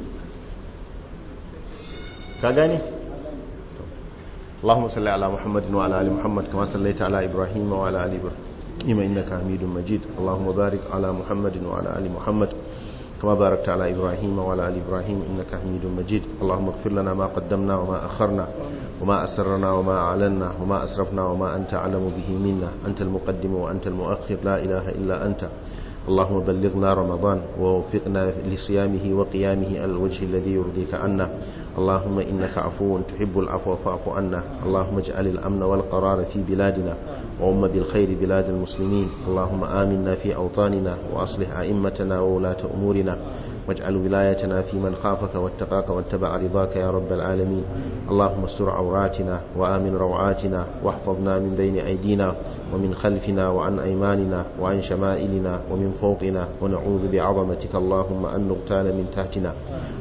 ka gane Allahumma salli ala Muhammadin wa ala ali Muhammad kama sallaita ala Ibrahim wa ala ali Ibrahim innaka Hamidum Majid Allahumma barik ala Muhammadin wa ala ali Muhammad كما باركت على إبراهيم وعلى آل إبراهيم إنك حميد مجيد اللهم اغفر لنا ما قدمنا وما أخرنا وما أسررنا وما أعلنا وما أسرفنا وما أنت أعلم به منا أنت المقدم وأنت المؤخر لا إله إلا أنت اللهم بلغنا رمضان ووفقنا لصيامه وقيامه على الوجه الذي يرضيك عنا اللهم إنك عفو تحب العفو فاعف عنا اللهم اجعل الأمن والقرار في بلادنا وأم بالخير بلاد المسلمين اللهم آمنا في أوطاننا وأصلح أئمتنا وولاة أمورنا واجعل ولايتنا في من خافك واتقاك واتبع رضاك يا رب العالمين اللهم استر عوراتنا وآمن روعاتنا واحفظنا من بين أيدينا ومن خلفنا وعن أيماننا وعن شمائلنا ومن فوقنا ونعوذ بعظمتك اللهم أن نغتال من تحتنا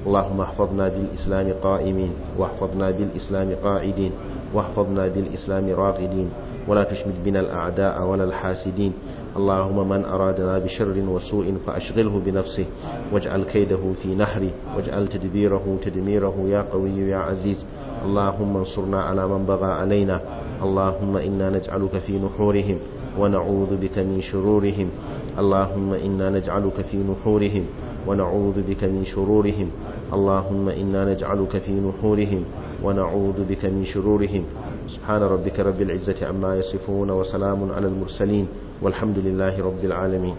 اللهم احفظنا بالإسلام قائمين واحفظنا بالإسلام قاعدين واحفظنا بالإسلام راغدين ولا تشمت بنا الأعداء ولا الحاسدين اللهم من أرادنا بشر وسوء فأشغله بنفسه واجعل كيده في نحره واجعل تدبيره تدميره يا قوي يا عزيز اللهم انصرنا على من بغى علينا اللهم إنا نجعلك في نحورهم ونعوذ بك من شرورهم اللهم إنا نجعلك في نحورهم ونعوذ بك من شرورهم اللهم إنا نجعلك في نحورهم ونعوذ بك من شرورهم سبحان ربك رب العزة عما يصفون وسلام على المرسلين والحمد لله رب العالمين